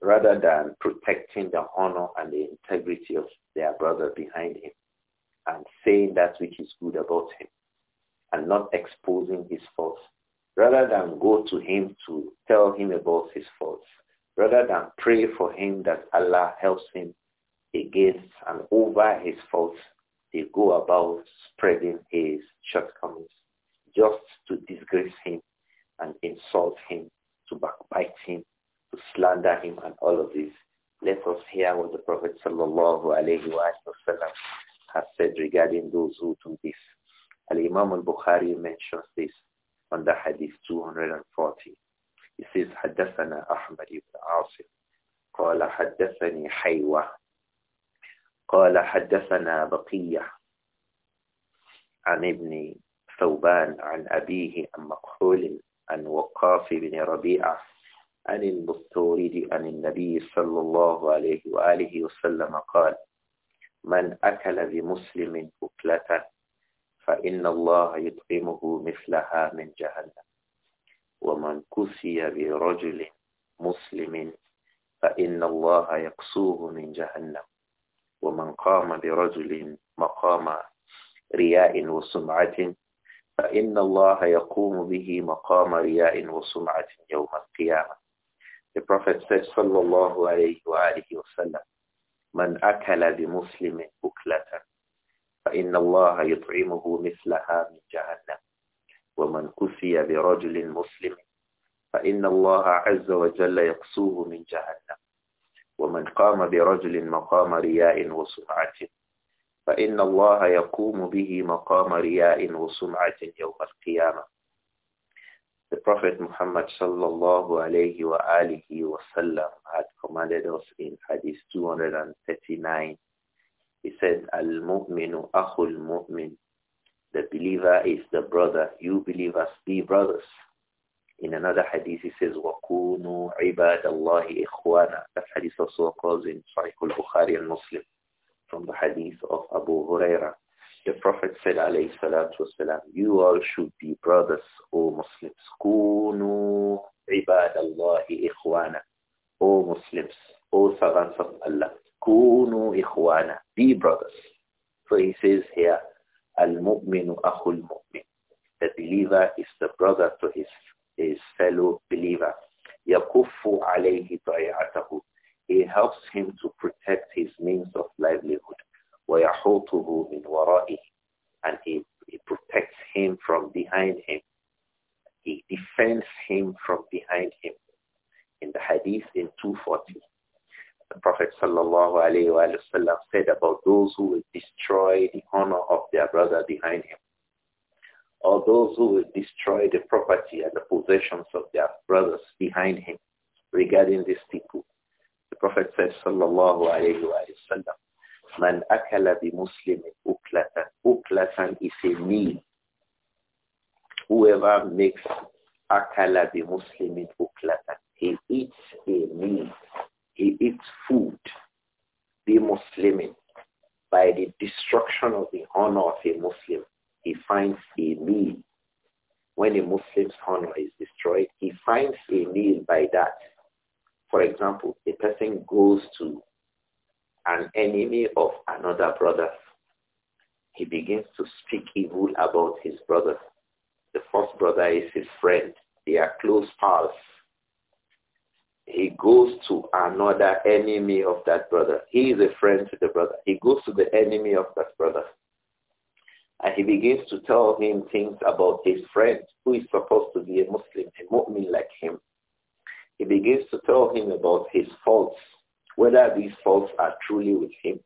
rather than protecting the honor and the integrity of their brother behind him and saying that which is good about him and not exposing his faults, rather than go to him to tell him about his faults, rather than pray for him that Allah helps him against and over his faults, they go about spreading his shortcomings just to disgrace him and insult him, to backbite him, to slander him and all of this. Let us hear what the Prophet sallallahu has said regarding those who do this. Al-Imam al-Bukhari mentions this on the Hadith 240. He حدثنا أحمد بن عاصم قال حدثني حيوة قال حدثنا بقية عن ابن ثوبان عن أبيه عن مقحول عن وقاف بن ربيعة عن المستورد عن النبي صلى الله عليه وآله وسلم قال من أكل بمسلم أكلة فإن الله يطعمه مثلها من جهنم ومن كفي برجل مسلم فإن الله يقصوه من جهنم ومن قام برجل مقام رياء وسمعة فإن الله يقوم به مقام رياء وسمعة يوم القيامة The Prophet said صلى الله عليه وآله وسلم من أكل بمسلم أكلة فإن الله يطعمه مثلها من جهنم ومن كسي برجل مسلم فإن الله عز وجل يقصوه من جهنم ومن قام برجل مقام رياء وسمعة فإن الله يقوم به مقام رياء وسمعة يوم القيامة The Prophet Muhammad sallallahu alayhi wa alihi wa sallam had commanded us in Hadith 239. He said, Al-mu'minu akhul mu'min the believer is the brother. You believers be brothers. In another hadith, he says, "Wakunu عِبَادَ اللَّهِ إِخْوَانًا That hadith also occurs in Sahih al-Bukhari and Muslim from the hadith of Abu Huraira. The Prophet said, alayhi salatu wasalam, you all should be brothers, O Muslims. كُونُوا عِبَادَ ikhwana, إِخْوَانًا O Muslims, O servants of Allah. Kunu ikhwana, Be brothers. So he says here, Al-mu'minu akhul mu'min. The believer is the brother to his, his fellow believer. Yakufu alayhi ta'atahu. He helps him to protect his means of livelihood. وَيَحُوتُهُ مِنْ وَرَائِهِ And he, he protects him from behind him. He defends him from behind him. In the hadith in 240, the Prophet sallallahu said about those who will destroy the honor of their brother behind him, or those who will destroy the property and the possessions of their brothers behind him regarding these people. The Prophet said sallallahu alayhi Wasallam, Man akala bi muslimin uklatan. Uklatan is a meal. Whoever makes akala bi muslimin uklatan, he eats a meal he eats food, the Muslim. by the destruction of the honor of a Muslim, he finds a meal. When a Muslim's honor is destroyed, he finds a meal by that. For example, a person goes to an enemy of another brother. He begins to speak evil about his brother. The first brother is his friend. They are close pals he goes to another enemy of that brother. He is a friend to the brother. He goes to the enemy of that brother. And he begins to tell him things about his friend who is supposed to be a Muslim, a mu'min like him. He begins to tell him about his faults, whether these faults are truly with him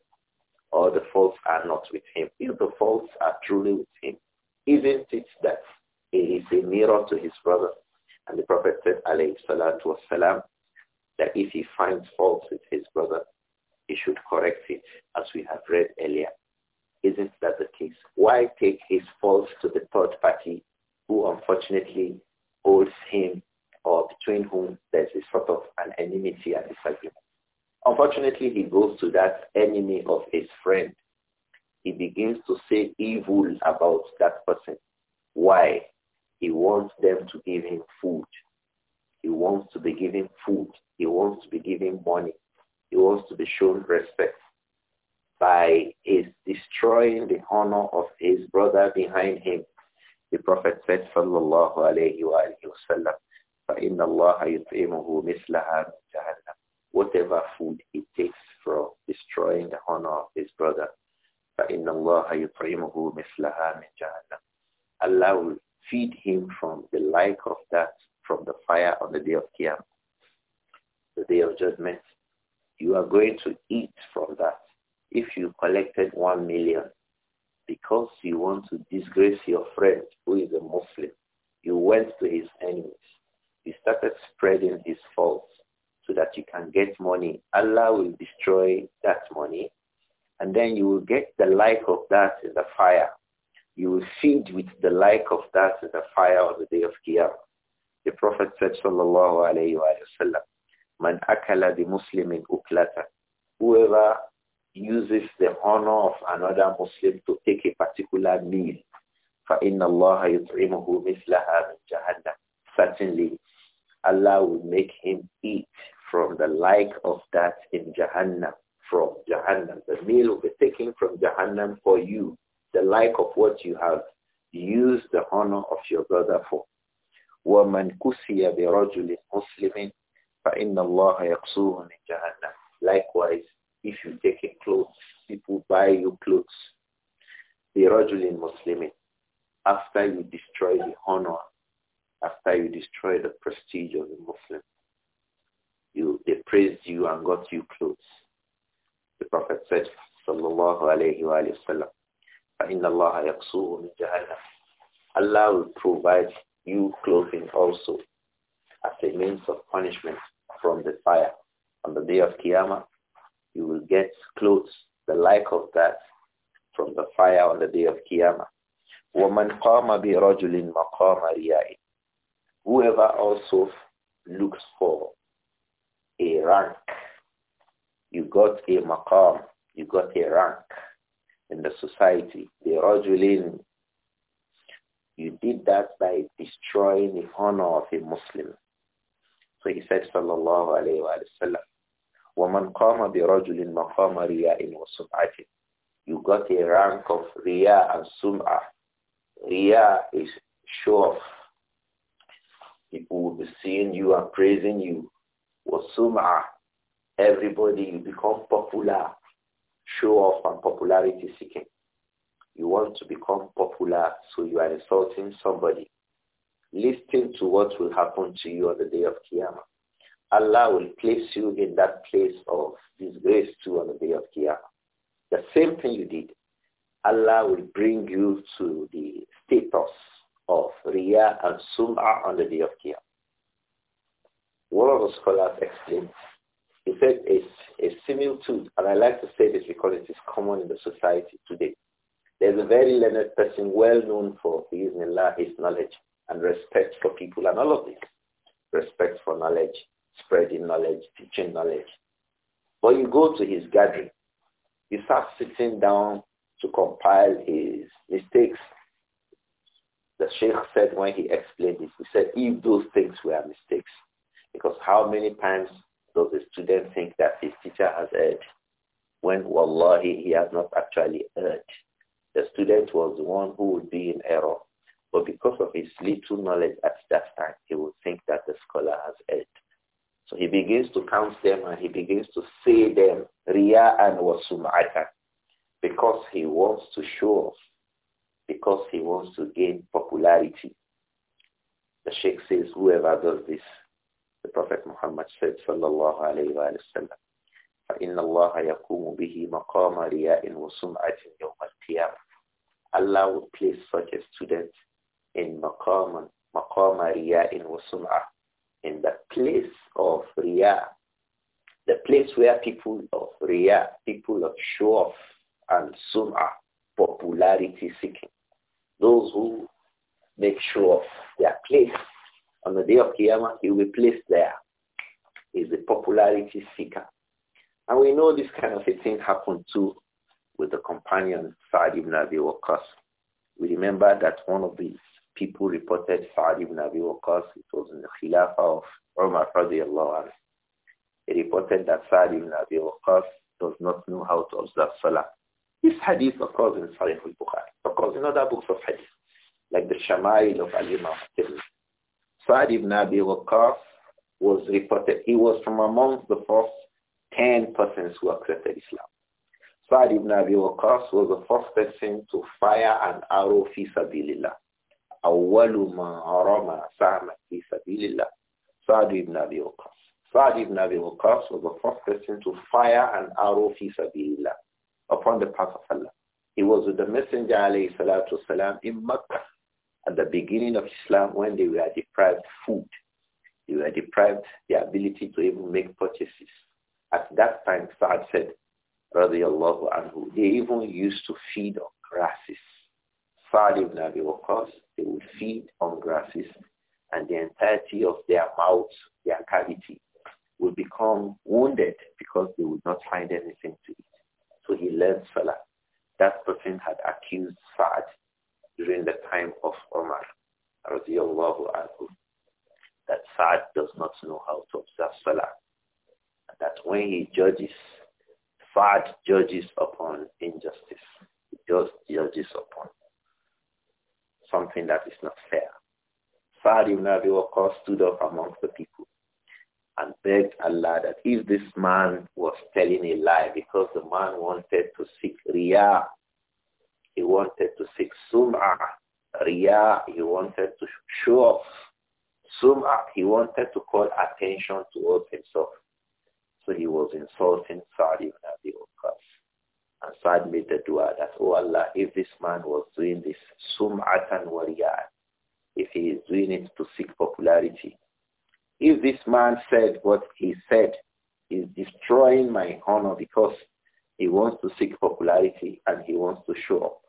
or the faults are not with him. If the faults are truly with him, isn't it that he is a mirror to his brother? And the Prophet said, alayhi salatu wasalam, that if he finds fault with his brother, he should correct it, as we have read earlier. Isn't that the case? Why take his faults to the third party who unfortunately holds him or between whom there's a sort of an enmity and disagreement? Unfortunately, he goes to that enemy of his friend. He begins to say evil about that person. Why? He wants them to give him food. He wants to be given food he wants to be given money. He wants to be shown respect by his destroying the honor of his brother behind him. The Prophet said, Sallallahu alayhi wa alayhi wa sallam, فَإِنَّ اللَّهَ يُطْعِمُهُ مِثْلَهَا جَهَنَّمَ Whatever food he takes from destroying the honor of his brother, فَإِنَّ اللَّهَ يُطْعِمُهُ مِثْلَهَا مِنْ جَهَنَّمَ Allah will feed him from the like of that from the fire on the day of Qiyamah the day of judgment, you are going to eat from that. If you collected one million because you want to disgrace your friend who is a Muslim, you went to his enemies. You started spreading his faults so that you can get money. Allah will destroy that money and then you will get the like of that in the fire. You will feed with the like of that in the fire on the day of Qiyamah. The Prophet said, Sallallahu Alaihi Wasallam, Man akala Muslim muslimin uklatan. Whoever uses the honor of another Muslim to take a particular meal. فَإِنَّ اللَّهَ يُطْعِمُهُ مِثْلَهَا مِنْ جَهَنَّمٍ Certainly, Allah will make him eat from the like of that in Jahannam, from Jahannam. The meal will be taken from Jahannam for you, the like of what you have used the honor of your brother for. وَمَنْ كُسِيَ بِرَجُلٍ مُسْلِمٍ Likewise, if you take a clothes, people buy you clothes. Rajulin Muslims. After you destroy the honor, after you destroy the prestige of the Muslim, you, they praised you and got you clothes. The Prophet said, sallallahu alayhi wa sallam, فَإِنَّ اللَّهَ يَقْصُوهُ مِنْ جَهَنَّمْ Allah will provide you clothing also as a means of punishment from the fire. On the day of Qiyamah, you will get clothes, the like of that, from the fire on the day of Qiyamah. وَمَنْ قَامَ بِرَجُلٍ مَقَامَ Whoever also looks for a rank, you got a maqam, you got a rank in the society. برَجُلٍ You did that by destroying the honor of a Muslim. So he said, sallallahu alayhi wa sallam, وَمَنْ قَامَ بِرَجُلٍ مَقَامَ رِيَاءٍ وَسُمْعَةٍ You got a rank of riya and sum'a. Riya is show off. People will be seeing you and praising you. وَسُمْعَةٍ Everybody, you become popular. Show off and popularity seeking. You want to become popular, so you are insulting somebody. Listen to what will happen to you on the day of Qiyamah. Allah will place you in that place of disgrace too on the day of Qiyamah. The same thing you did. Allah will bring you to the status of Riyah and Sum'ah on the day of Qiyamah. One of the scholars explained, he said it's a similitude, and I like to say this because it is common in the society today. There's a very learned person well known for his, his knowledge and respect for people and all of this. Respect for knowledge, spreading knowledge, teaching knowledge. But you go to his gathering, he starts sitting down to compile his mistakes. The Sheikh said when he explained this, he said, if those things were mistakes, because how many times does a student think that his teacher has erred when, wallahi, he has not actually erred? The student was the one who would be in error but because of his little knowledge at that time, he will think that the scholar has erred. So he begins to count them and he begins to say them riya and wasumata, because he wants to show off, because he wants to gain popularity. The Sheikh says, whoever does this, the Prophet Muhammad said, sallallahu alayhi wa sallam, فَإِنَّ اللَّهَ يَقُومُ بِهِ مَقَامَ رِيَاءٍ وَسُمْعَةٍ يَوْمَ الْقِيَامَةِ Allah will place such a student in maqam, maqam riya'in wa sum'ah, in the place of Ria, the place where people of Ria, people of show off and sum'ah, popularity seeking, those who make show of their place, on the day of Qiyamah, he will be placed there is a popularity seeker. And we know this kind of a thing happened too with the companion Sa'd ibn Abi Waqqas. We remember that one of the people reported Saad ibn Abi Waqqas, it was in the Khilafah of Umar radiallahu anhu. He reported that Saad ibn Abi Waqqas does not know how to observe Salah. This hadith occurs in Sahih al-Bukhari, occurs in other books of hadith, like the Shama'il of Al-Imam Tirmidhi. Sa'd ibn Abi Waqqas was reported, he was from amongst the first 10 persons who accepted Islam. Sa'd ibn Abi Waqqas was the first person to fire an arrow fi sabilillah. أول ما رمى سهما في سبيل الله Sa'd ibn Abi Waqqas. Sa'd ibn Abi Waqqas was the first person to fire an arrow fi sabilillah upon the path of Allah. He was with the Messenger alayhi salatu wasalam in Mecca at the beginning of Islam when they were deprived food. They were deprived the ability to even make purchases. At that time, sa said, radiyallahu anhu, they even used to feed on grasses. Sa'd ibn they will feed on grasses and the entirety of their mouths, their cavity, will become wounded because they would not find anything to eat. So he learned Salah. That person had accused sa during the time of Omar, anhu, that sa does not know how to observe Salah. And that when he judges, sa judges upon injustice. He just judges upon something that is not fair. Sa'd stood up amongst the people and begged Allah that if this man was telling a lie because the man wanted to seek riyah, he wanted to seek sum'ah, riyah, he wanted to show off, sum'ah, he wanted to call attention towards himself. So he was insulting Sa'd Sa'd made the dua that, Oh Allah, if this man was doing this, sum'atan wariyat, if he is doing it to seek popularity, if this man said what he said is destroying my honor because he wants to seek popularity and he wants to show up.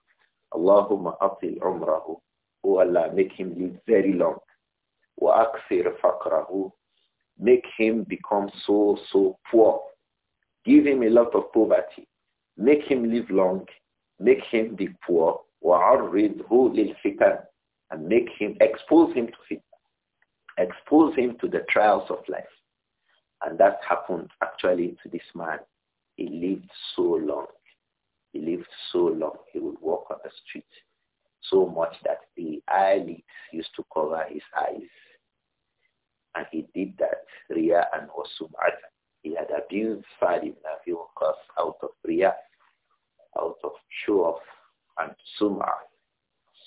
Allahumma atil umrahu. O oh Allah, make him live very long. Wa akfir faqrahu. Make him become so, so poor. Give him a lot of poverty. Make him live long. Make him be poor. وَعَرِّضْهُ لِلْفِتَنِ And make him, expose him to fitna. Expose him to the trials of life. And that happened actually to this man. He lived so long. He lived so long. He would walk on the street so much that the eyelids used to cover his eyes. And he did that, Ria and Osum'at. He had abused Salim Nabi Waqas out of Ria out of show and Suma,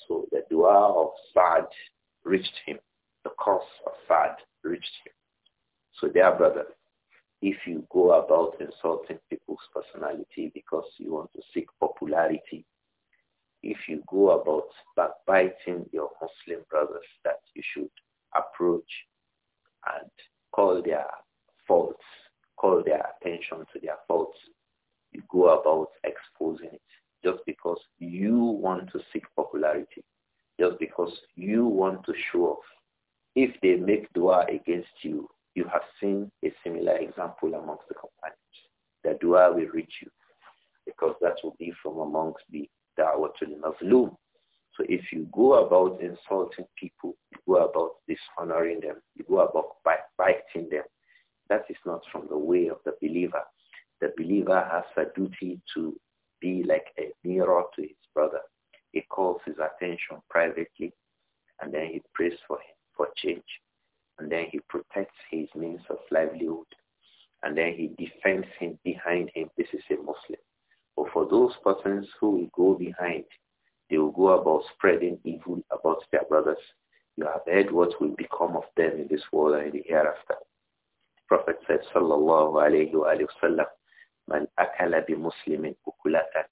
So the dua of Sa'd reached him. The curse of Sa'd reached him. So dear brother, if you go about insulting people's personality because you want to seek popularity, if you go about backbiting your Muslim brothers that you should approach and call their faults, call their attention to their faults you go about exposing it just because you want to seek popularity, just because you want to show off. If they make dua against you, you have seen a similar example amongst the companions. The dua will reach you because that will be from amongst the da'watul mazlum. So if you go about insulting people, you go about dishonoring them, you go about biting them, that is not from the way of the believer the believer has a duty to be like a mirror to his brother. He calls his attention privately and then he prays for him for change. And then he protects his means of livelihood. And then he defends him behind him. This is a Muslim. But for those persons who will go behind, they will go about spreading evil about their brothers. You have heard what will become of them in this world and in the hereafter. Prophet said, Sallallahu alayhi wa sallam, Man akala bi muslimin ukulata,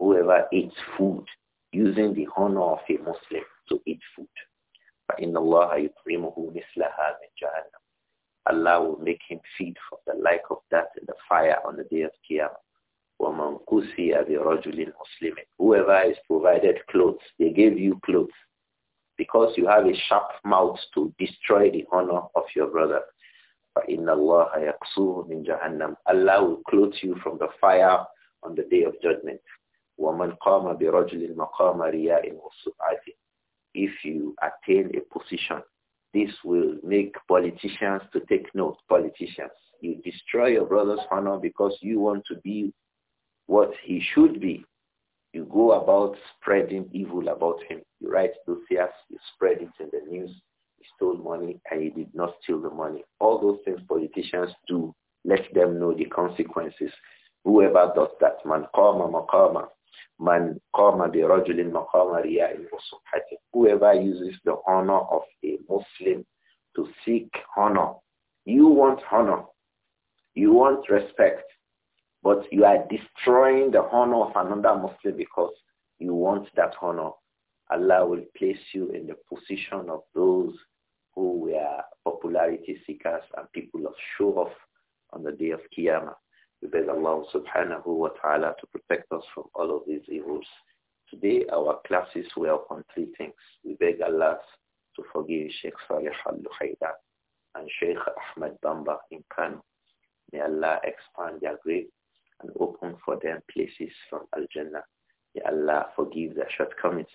Whoever eats food using the honor of a Muslim to eat food. فَإِنَّ اللَّهَ يُطْعِمُهُ مِثْلَهَا مِنْ جَهَنَّمَ Allah will make him feed from the like of that in the fire on the day of Qiyamah. Whoever is provided clothes, they gave you clothes because you have a sharp mouth to destroy the honor of your brother. Allah will clothe you from the fire on the day of judgment. بِرَجْلٍ If you attain a position, this will make politicians to take note, politicians. You destroy your brother's honor because you want to be what he should be. You go about spreading evil about him. You write dossiers, you spread it in the news, stole money and he did not steal the money. All those things politicians do, let them know the consequences. Whoever does that, man qama maqama, man qama bi rajulin maqama Whoever uses the honor of a Muslim to seek honor. You want honor. You want respect. But you are destroying the honor of another Muslim because you want that honor. Allah will place you in the position of those who were popularity seekers and people of show off on the day of Qiyamah. We beg Allah subhanahu wa ta'ala to protect us from all of these evils. Today our classes were on three things. We beg Allah to forgive Sheikh Salih al-Luhayda and Sheikh Ahmed Bamba in Kano. May Allah expand their grave and open for them places from Al-Jannah. May Allah forgive their shortcomings.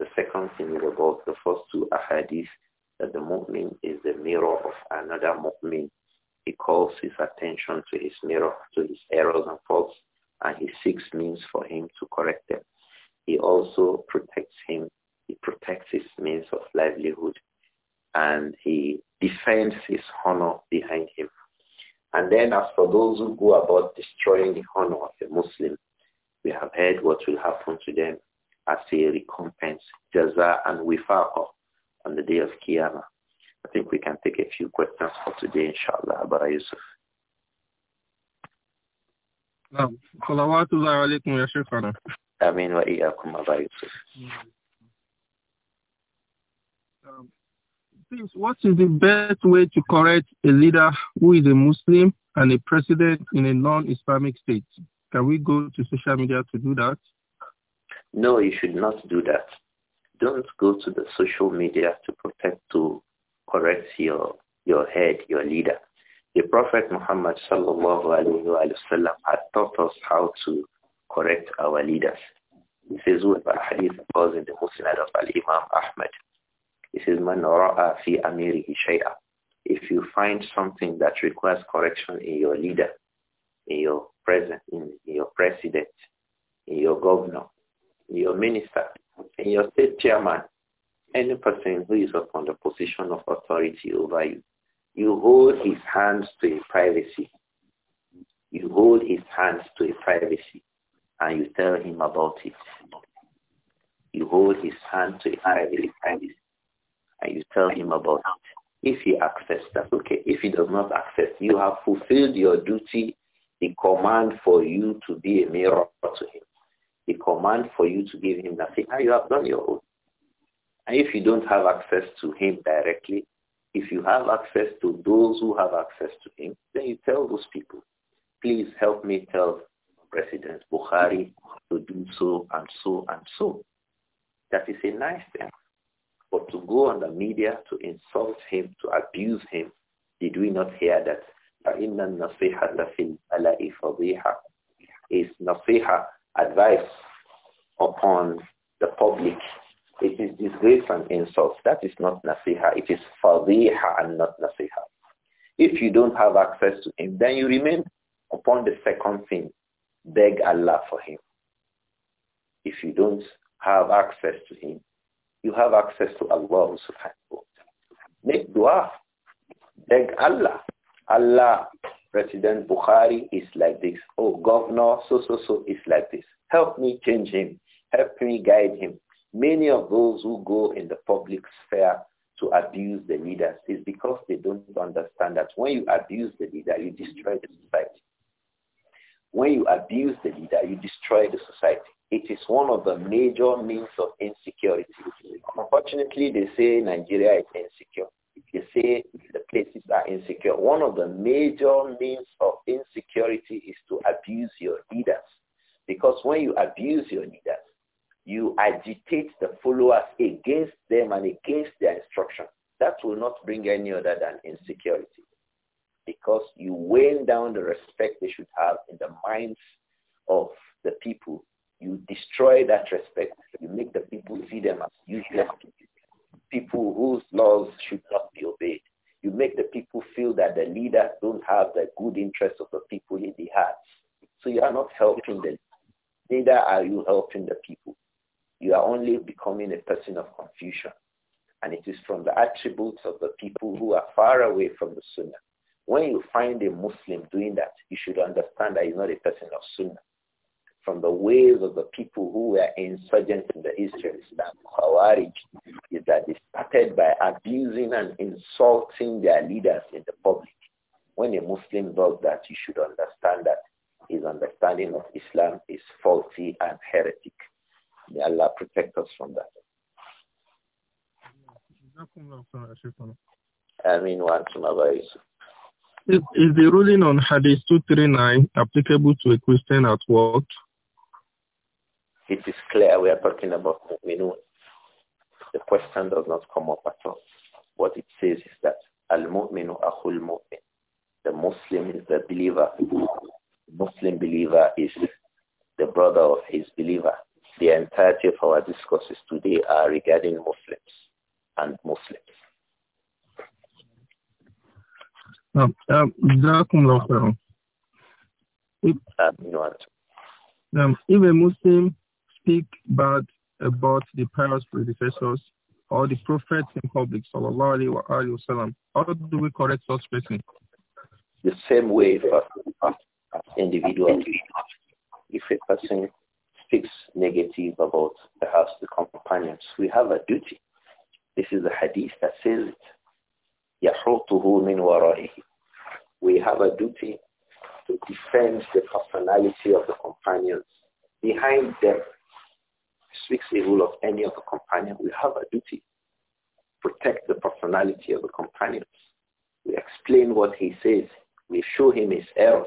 The second thing is about the first two ahadith that the mu'min is the mirror of another mu'min. He calls his attention to his mirror, to his errors and faults, and he seeks means for him to correct them. He also protects him. He protects his means of livelihood, and he defends his honor behind him. And then as for those who go about destroying the honor of a Muslim, we have heard what will happen to them as a recompense, jaza and wifaqa, the day of Qiyamah. I think we can take a few questions for today, inshallah. Abara Yusuf. صلوات Please, what is the best way to correct a leader who is a Muslim and a president in a non-Islamic state? Can we go to social media to do that? No, you should not do that don't go to the social media to protect to correct your your head, your leader. The Prophet Muhammad sallallahu alaihi wasallam had taught us how to correct our leaders. He says with a hadith because in the Muslim of Al Imam Ahmad, he says man ra'a fi amirihi shay'a. If you find something that requires correction in your leader, in your president, in your president, in your governor, in your minister, and your state chairman, any person who is upon the position of authority over you, you hold his hands to a privacy. You hold his hands to a privacy and you tell him about it. You hold his hand to a privacy and you tell him about it. If he accepts, that, okay. If he does not accept, you have fulfilled your duty, the command for you to be a mirror to him the command for you to give him Now you have done your own. And if you don't have access to him directly, if you have access to those who have access to him, then you tell those people, please help me tell President Buhari to do so and so and so. That is a nice thing. But to go on the media to insult him, to abuse him, did we not hear that? فَإِنَّ النَّصِيحَةَ لَفِي الْأَلَاءِ فَضِيحَةٌ Is nasiha advice upon the public. It is disgrace and insult. That is not nasiha. It is fadiha and not nasiha. If you don't have access to him, then you remain upon the second thing. Beg Allah for him. If you don't have access to him, you have access to Allah subhanahu wa ta'ala. Make dua. Beg Allah. Allah President Buhari is like this. Oh, governor so, so, so is like this. Help me change him. Help me guide him. Many of those who go in the public sphere to abuse the leaders is because they don't understand that when you abuse the leader, you destroy the society. When you abuse the leader, you destroy the society. It is one of the major means of insecurity. Unfortunately, they say Nigeria is insecure. If you say the places are insecure, one of the major means of insecurity is to abuse your leaders. Because when you abuse your leaders, you agitate the followers against them and against their instruction. That will not bring any other than insecurity. Because you weigh down the respect they should have in the minds of the people. You destroy that respect. You make the people see them as useless people people whose laws should not be obeyed. You make the people feel that the leaders don't have the good interests of the people in the heart. So you are not helping them. Neither are you helping the people. You are only becoming a person of confusion. And it is from the attributes of the people who are far away from the Sunnah. When you find a Muslim doing that, you should understand that he's not a person of Sunnah from the ways of the people who were insurgents in the history of Islam, Khawarij, is that they started by abusing and insulting their leaders in the public. When a Muslim does that, you should understand that his understanding of Islam is faulty and heretic. May Allah protect us from that. I mean, one is, is the ruling on Hadith 239 applicable to a Christian at work? It is clear we are talking about mu'minun. The question does not come up at all. What it says is that al-mu'minu akhul mu'min. The Muslim is the believer. The Muslim believer is the brother of his believer. The entirety of our discourses today are regarding Muslims and Muslims. No, um, um, if a Muslim speak bad about the pious predecessors or the prophets in public, sallallahu alaihi wa alayhi wasallam? How do we correct such person? The same way for as individuals. If a person speaks negative about perhaps the companions, we have a duty. This is the hadith that says it. مِنْ وَرَائِهِ We have a duty to defend the personality of the companions behind them speaks evil of any of the companion, we have a duty. Protect the personality of the companions. We explain what he says. We show him his errors.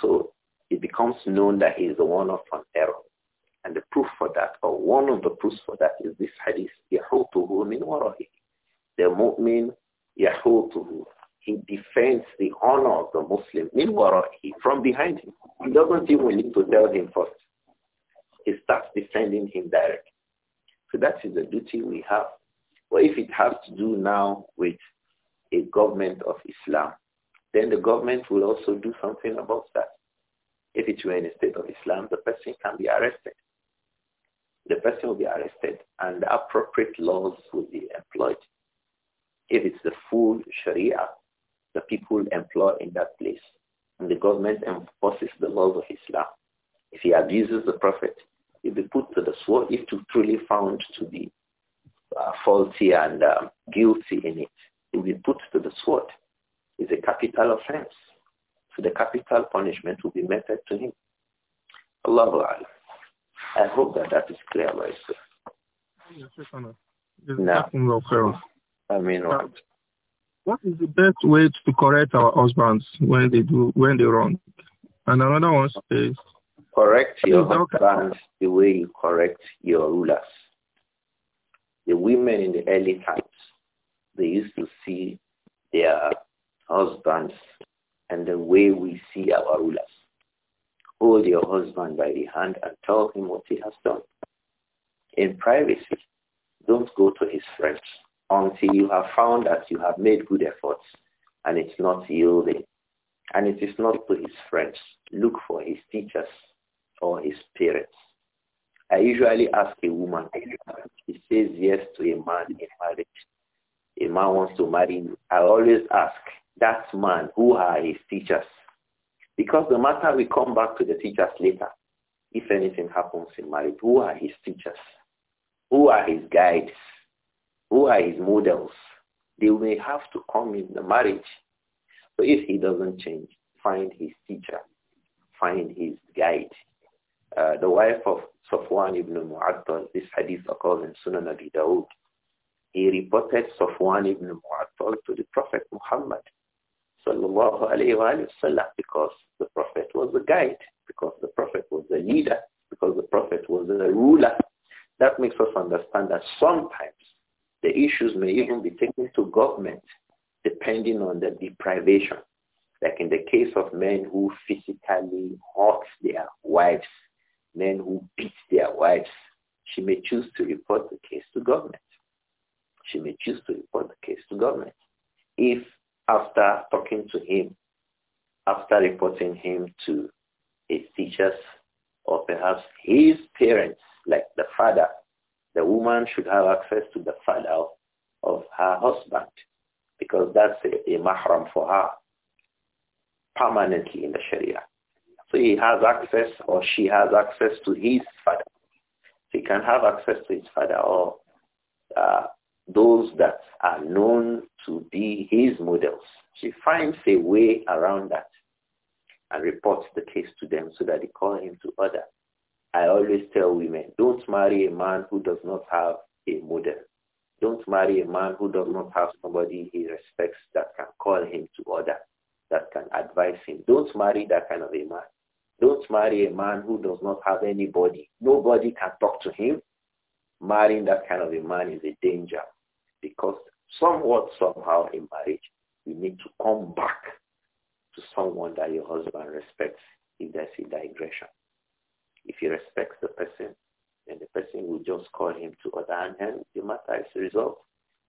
So it becomes known that he is the one of an error. And the proof for that, or one of the proofs for that, is this hadith, يَحُوتُهُ min وَرَهِهِ The mu'min, يَحُوتُهُ He defends the honor of the Muslim, min warahi From behind him. He doesn't even need to tell him first he starts defending him directly. So that is the duty we have. But if it has to do now with a government of Islam, then the government will also do something about that. If it were in a state of Islam, the person can be arrested. The person will be arrested and the appropriate laws will be employed. If it's the full Sharia, the people employ in that place and the government enforces the laws of Islam. If he abuses the Prophet, if will be put to the sword if truly found to be uh, faulty and uh, guilty in it. He'll be put to the sword. It's a capital offense. So the capital punishment will be meted to him. Allahu I hope that that is clear, my sir. No. I mean what? What is the best way to correct our husbands when they do when they wrong? And another one is Correct your husbands the way you correct your rulers. The women in the early times, they used to see their husbands and the way we see our rulers. Hold your husband by the hand and tell him what he has done. In privacy, don't go to his friends until you have found that you have made good efforts and it's not yielding. And it is not to his friends. Look for his teachers or his parents. I usually ask a woman, she says yes to a man in marriage. A man wants to marry I always ask that man, who are his teachers? Because the matter will come back to the teachers later. If anything happens in marriage, who are his teachers? Who are his guides? Who are his models? They may have to come in the marriage. So if he doesn't change, find his teacher, find his guide, uh, the wife of Safwan ibn Mu'attal, this hadith occurs in Sunan Abi Dawud, he reported Safwan ibn Mu'attal to the Prophet Muhammad sallallahu alayhi wa sallam because the Prophet was the guide, because the Prophet was the leader, because the Prophet was the ruler. That makes us understand that sometimes the issues may even be taken to government depending on the deprivation. Like in the case of men who physically hurt their wives men who beat their wives, she may choose to report the case to government. She may choose to report the case to government. If after talking to him, after reporting him to his teachers or perhaps his parents, like the father, the woman should have access to the father of her husband because that's a, a mahram for her permanently in the Sharia. So he has access or she has access to his father. So he can have access to his father or uh, those that are known to be his models. She finds a way around that and reports the case to them so that they call him to order. I always tell women, don't marry a man who does not have a model. Don't marry a man who does not have somebody he respects that can call him to order, that can advise him. Don't marry that kind of a man. Don't marry a man who does not have anybody. Nobody can talk to him. Marrying that kind of a man is a danger because somewhat, somehow in marriage, you need to come back to someone that your husband respects if there's a digression. If he respects the person, then the person will just call him to other hand, the matter is resolved.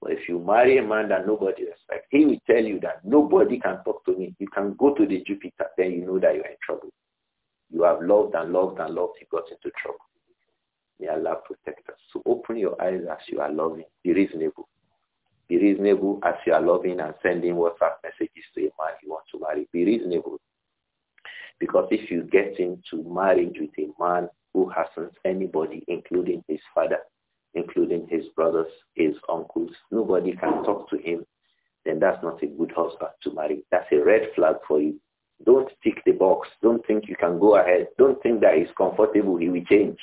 But if you marry a man that nobody respects, he will tell you that nobody can talk to me. You can go to the Jupiter, then you know that you're in trouble. You have loved and loved and loved, you got into trouble. May Allah protect us. So open your eyes as you are loving. Be reasonable. Be reasonable as you are loving and sending WhatsApp messages to a man you want to marry. Be reasonable. Because if you get into marriage with a man who hasn't anybody, including his father, including his brothers, his uncles, nobody can talk to him, then that's not a good husband to marry. That's a red flag for you. Don't tick the box. Don't think you can go ahead. Don't think that he's comfortable. He will change.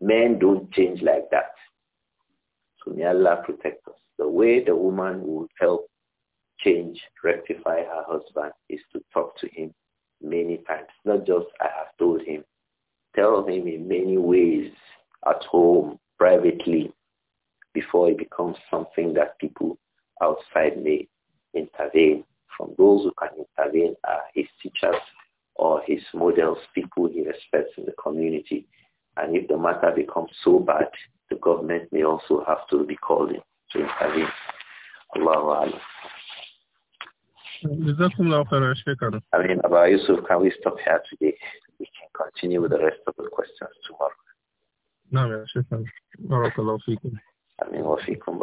Men don't change like that. So may Allah protect us. The way the woman will help change, rectify her husband is to talk to him many times. Not just I have told him. Tell him in many ways at home, privately, before it becomes something that people outside may intervene from those who can intervene are uh, his teachers or his models, people he respects in the community. And if the matter becomes so bad, the government may also have to be called in to intervene. Allahu Akbar. I mean, Abba Yusuf, can we stop here today? We can continue with the rest of the questions tomorrow. نعم يا شيخنا بارك الله فيكم امين وفيكم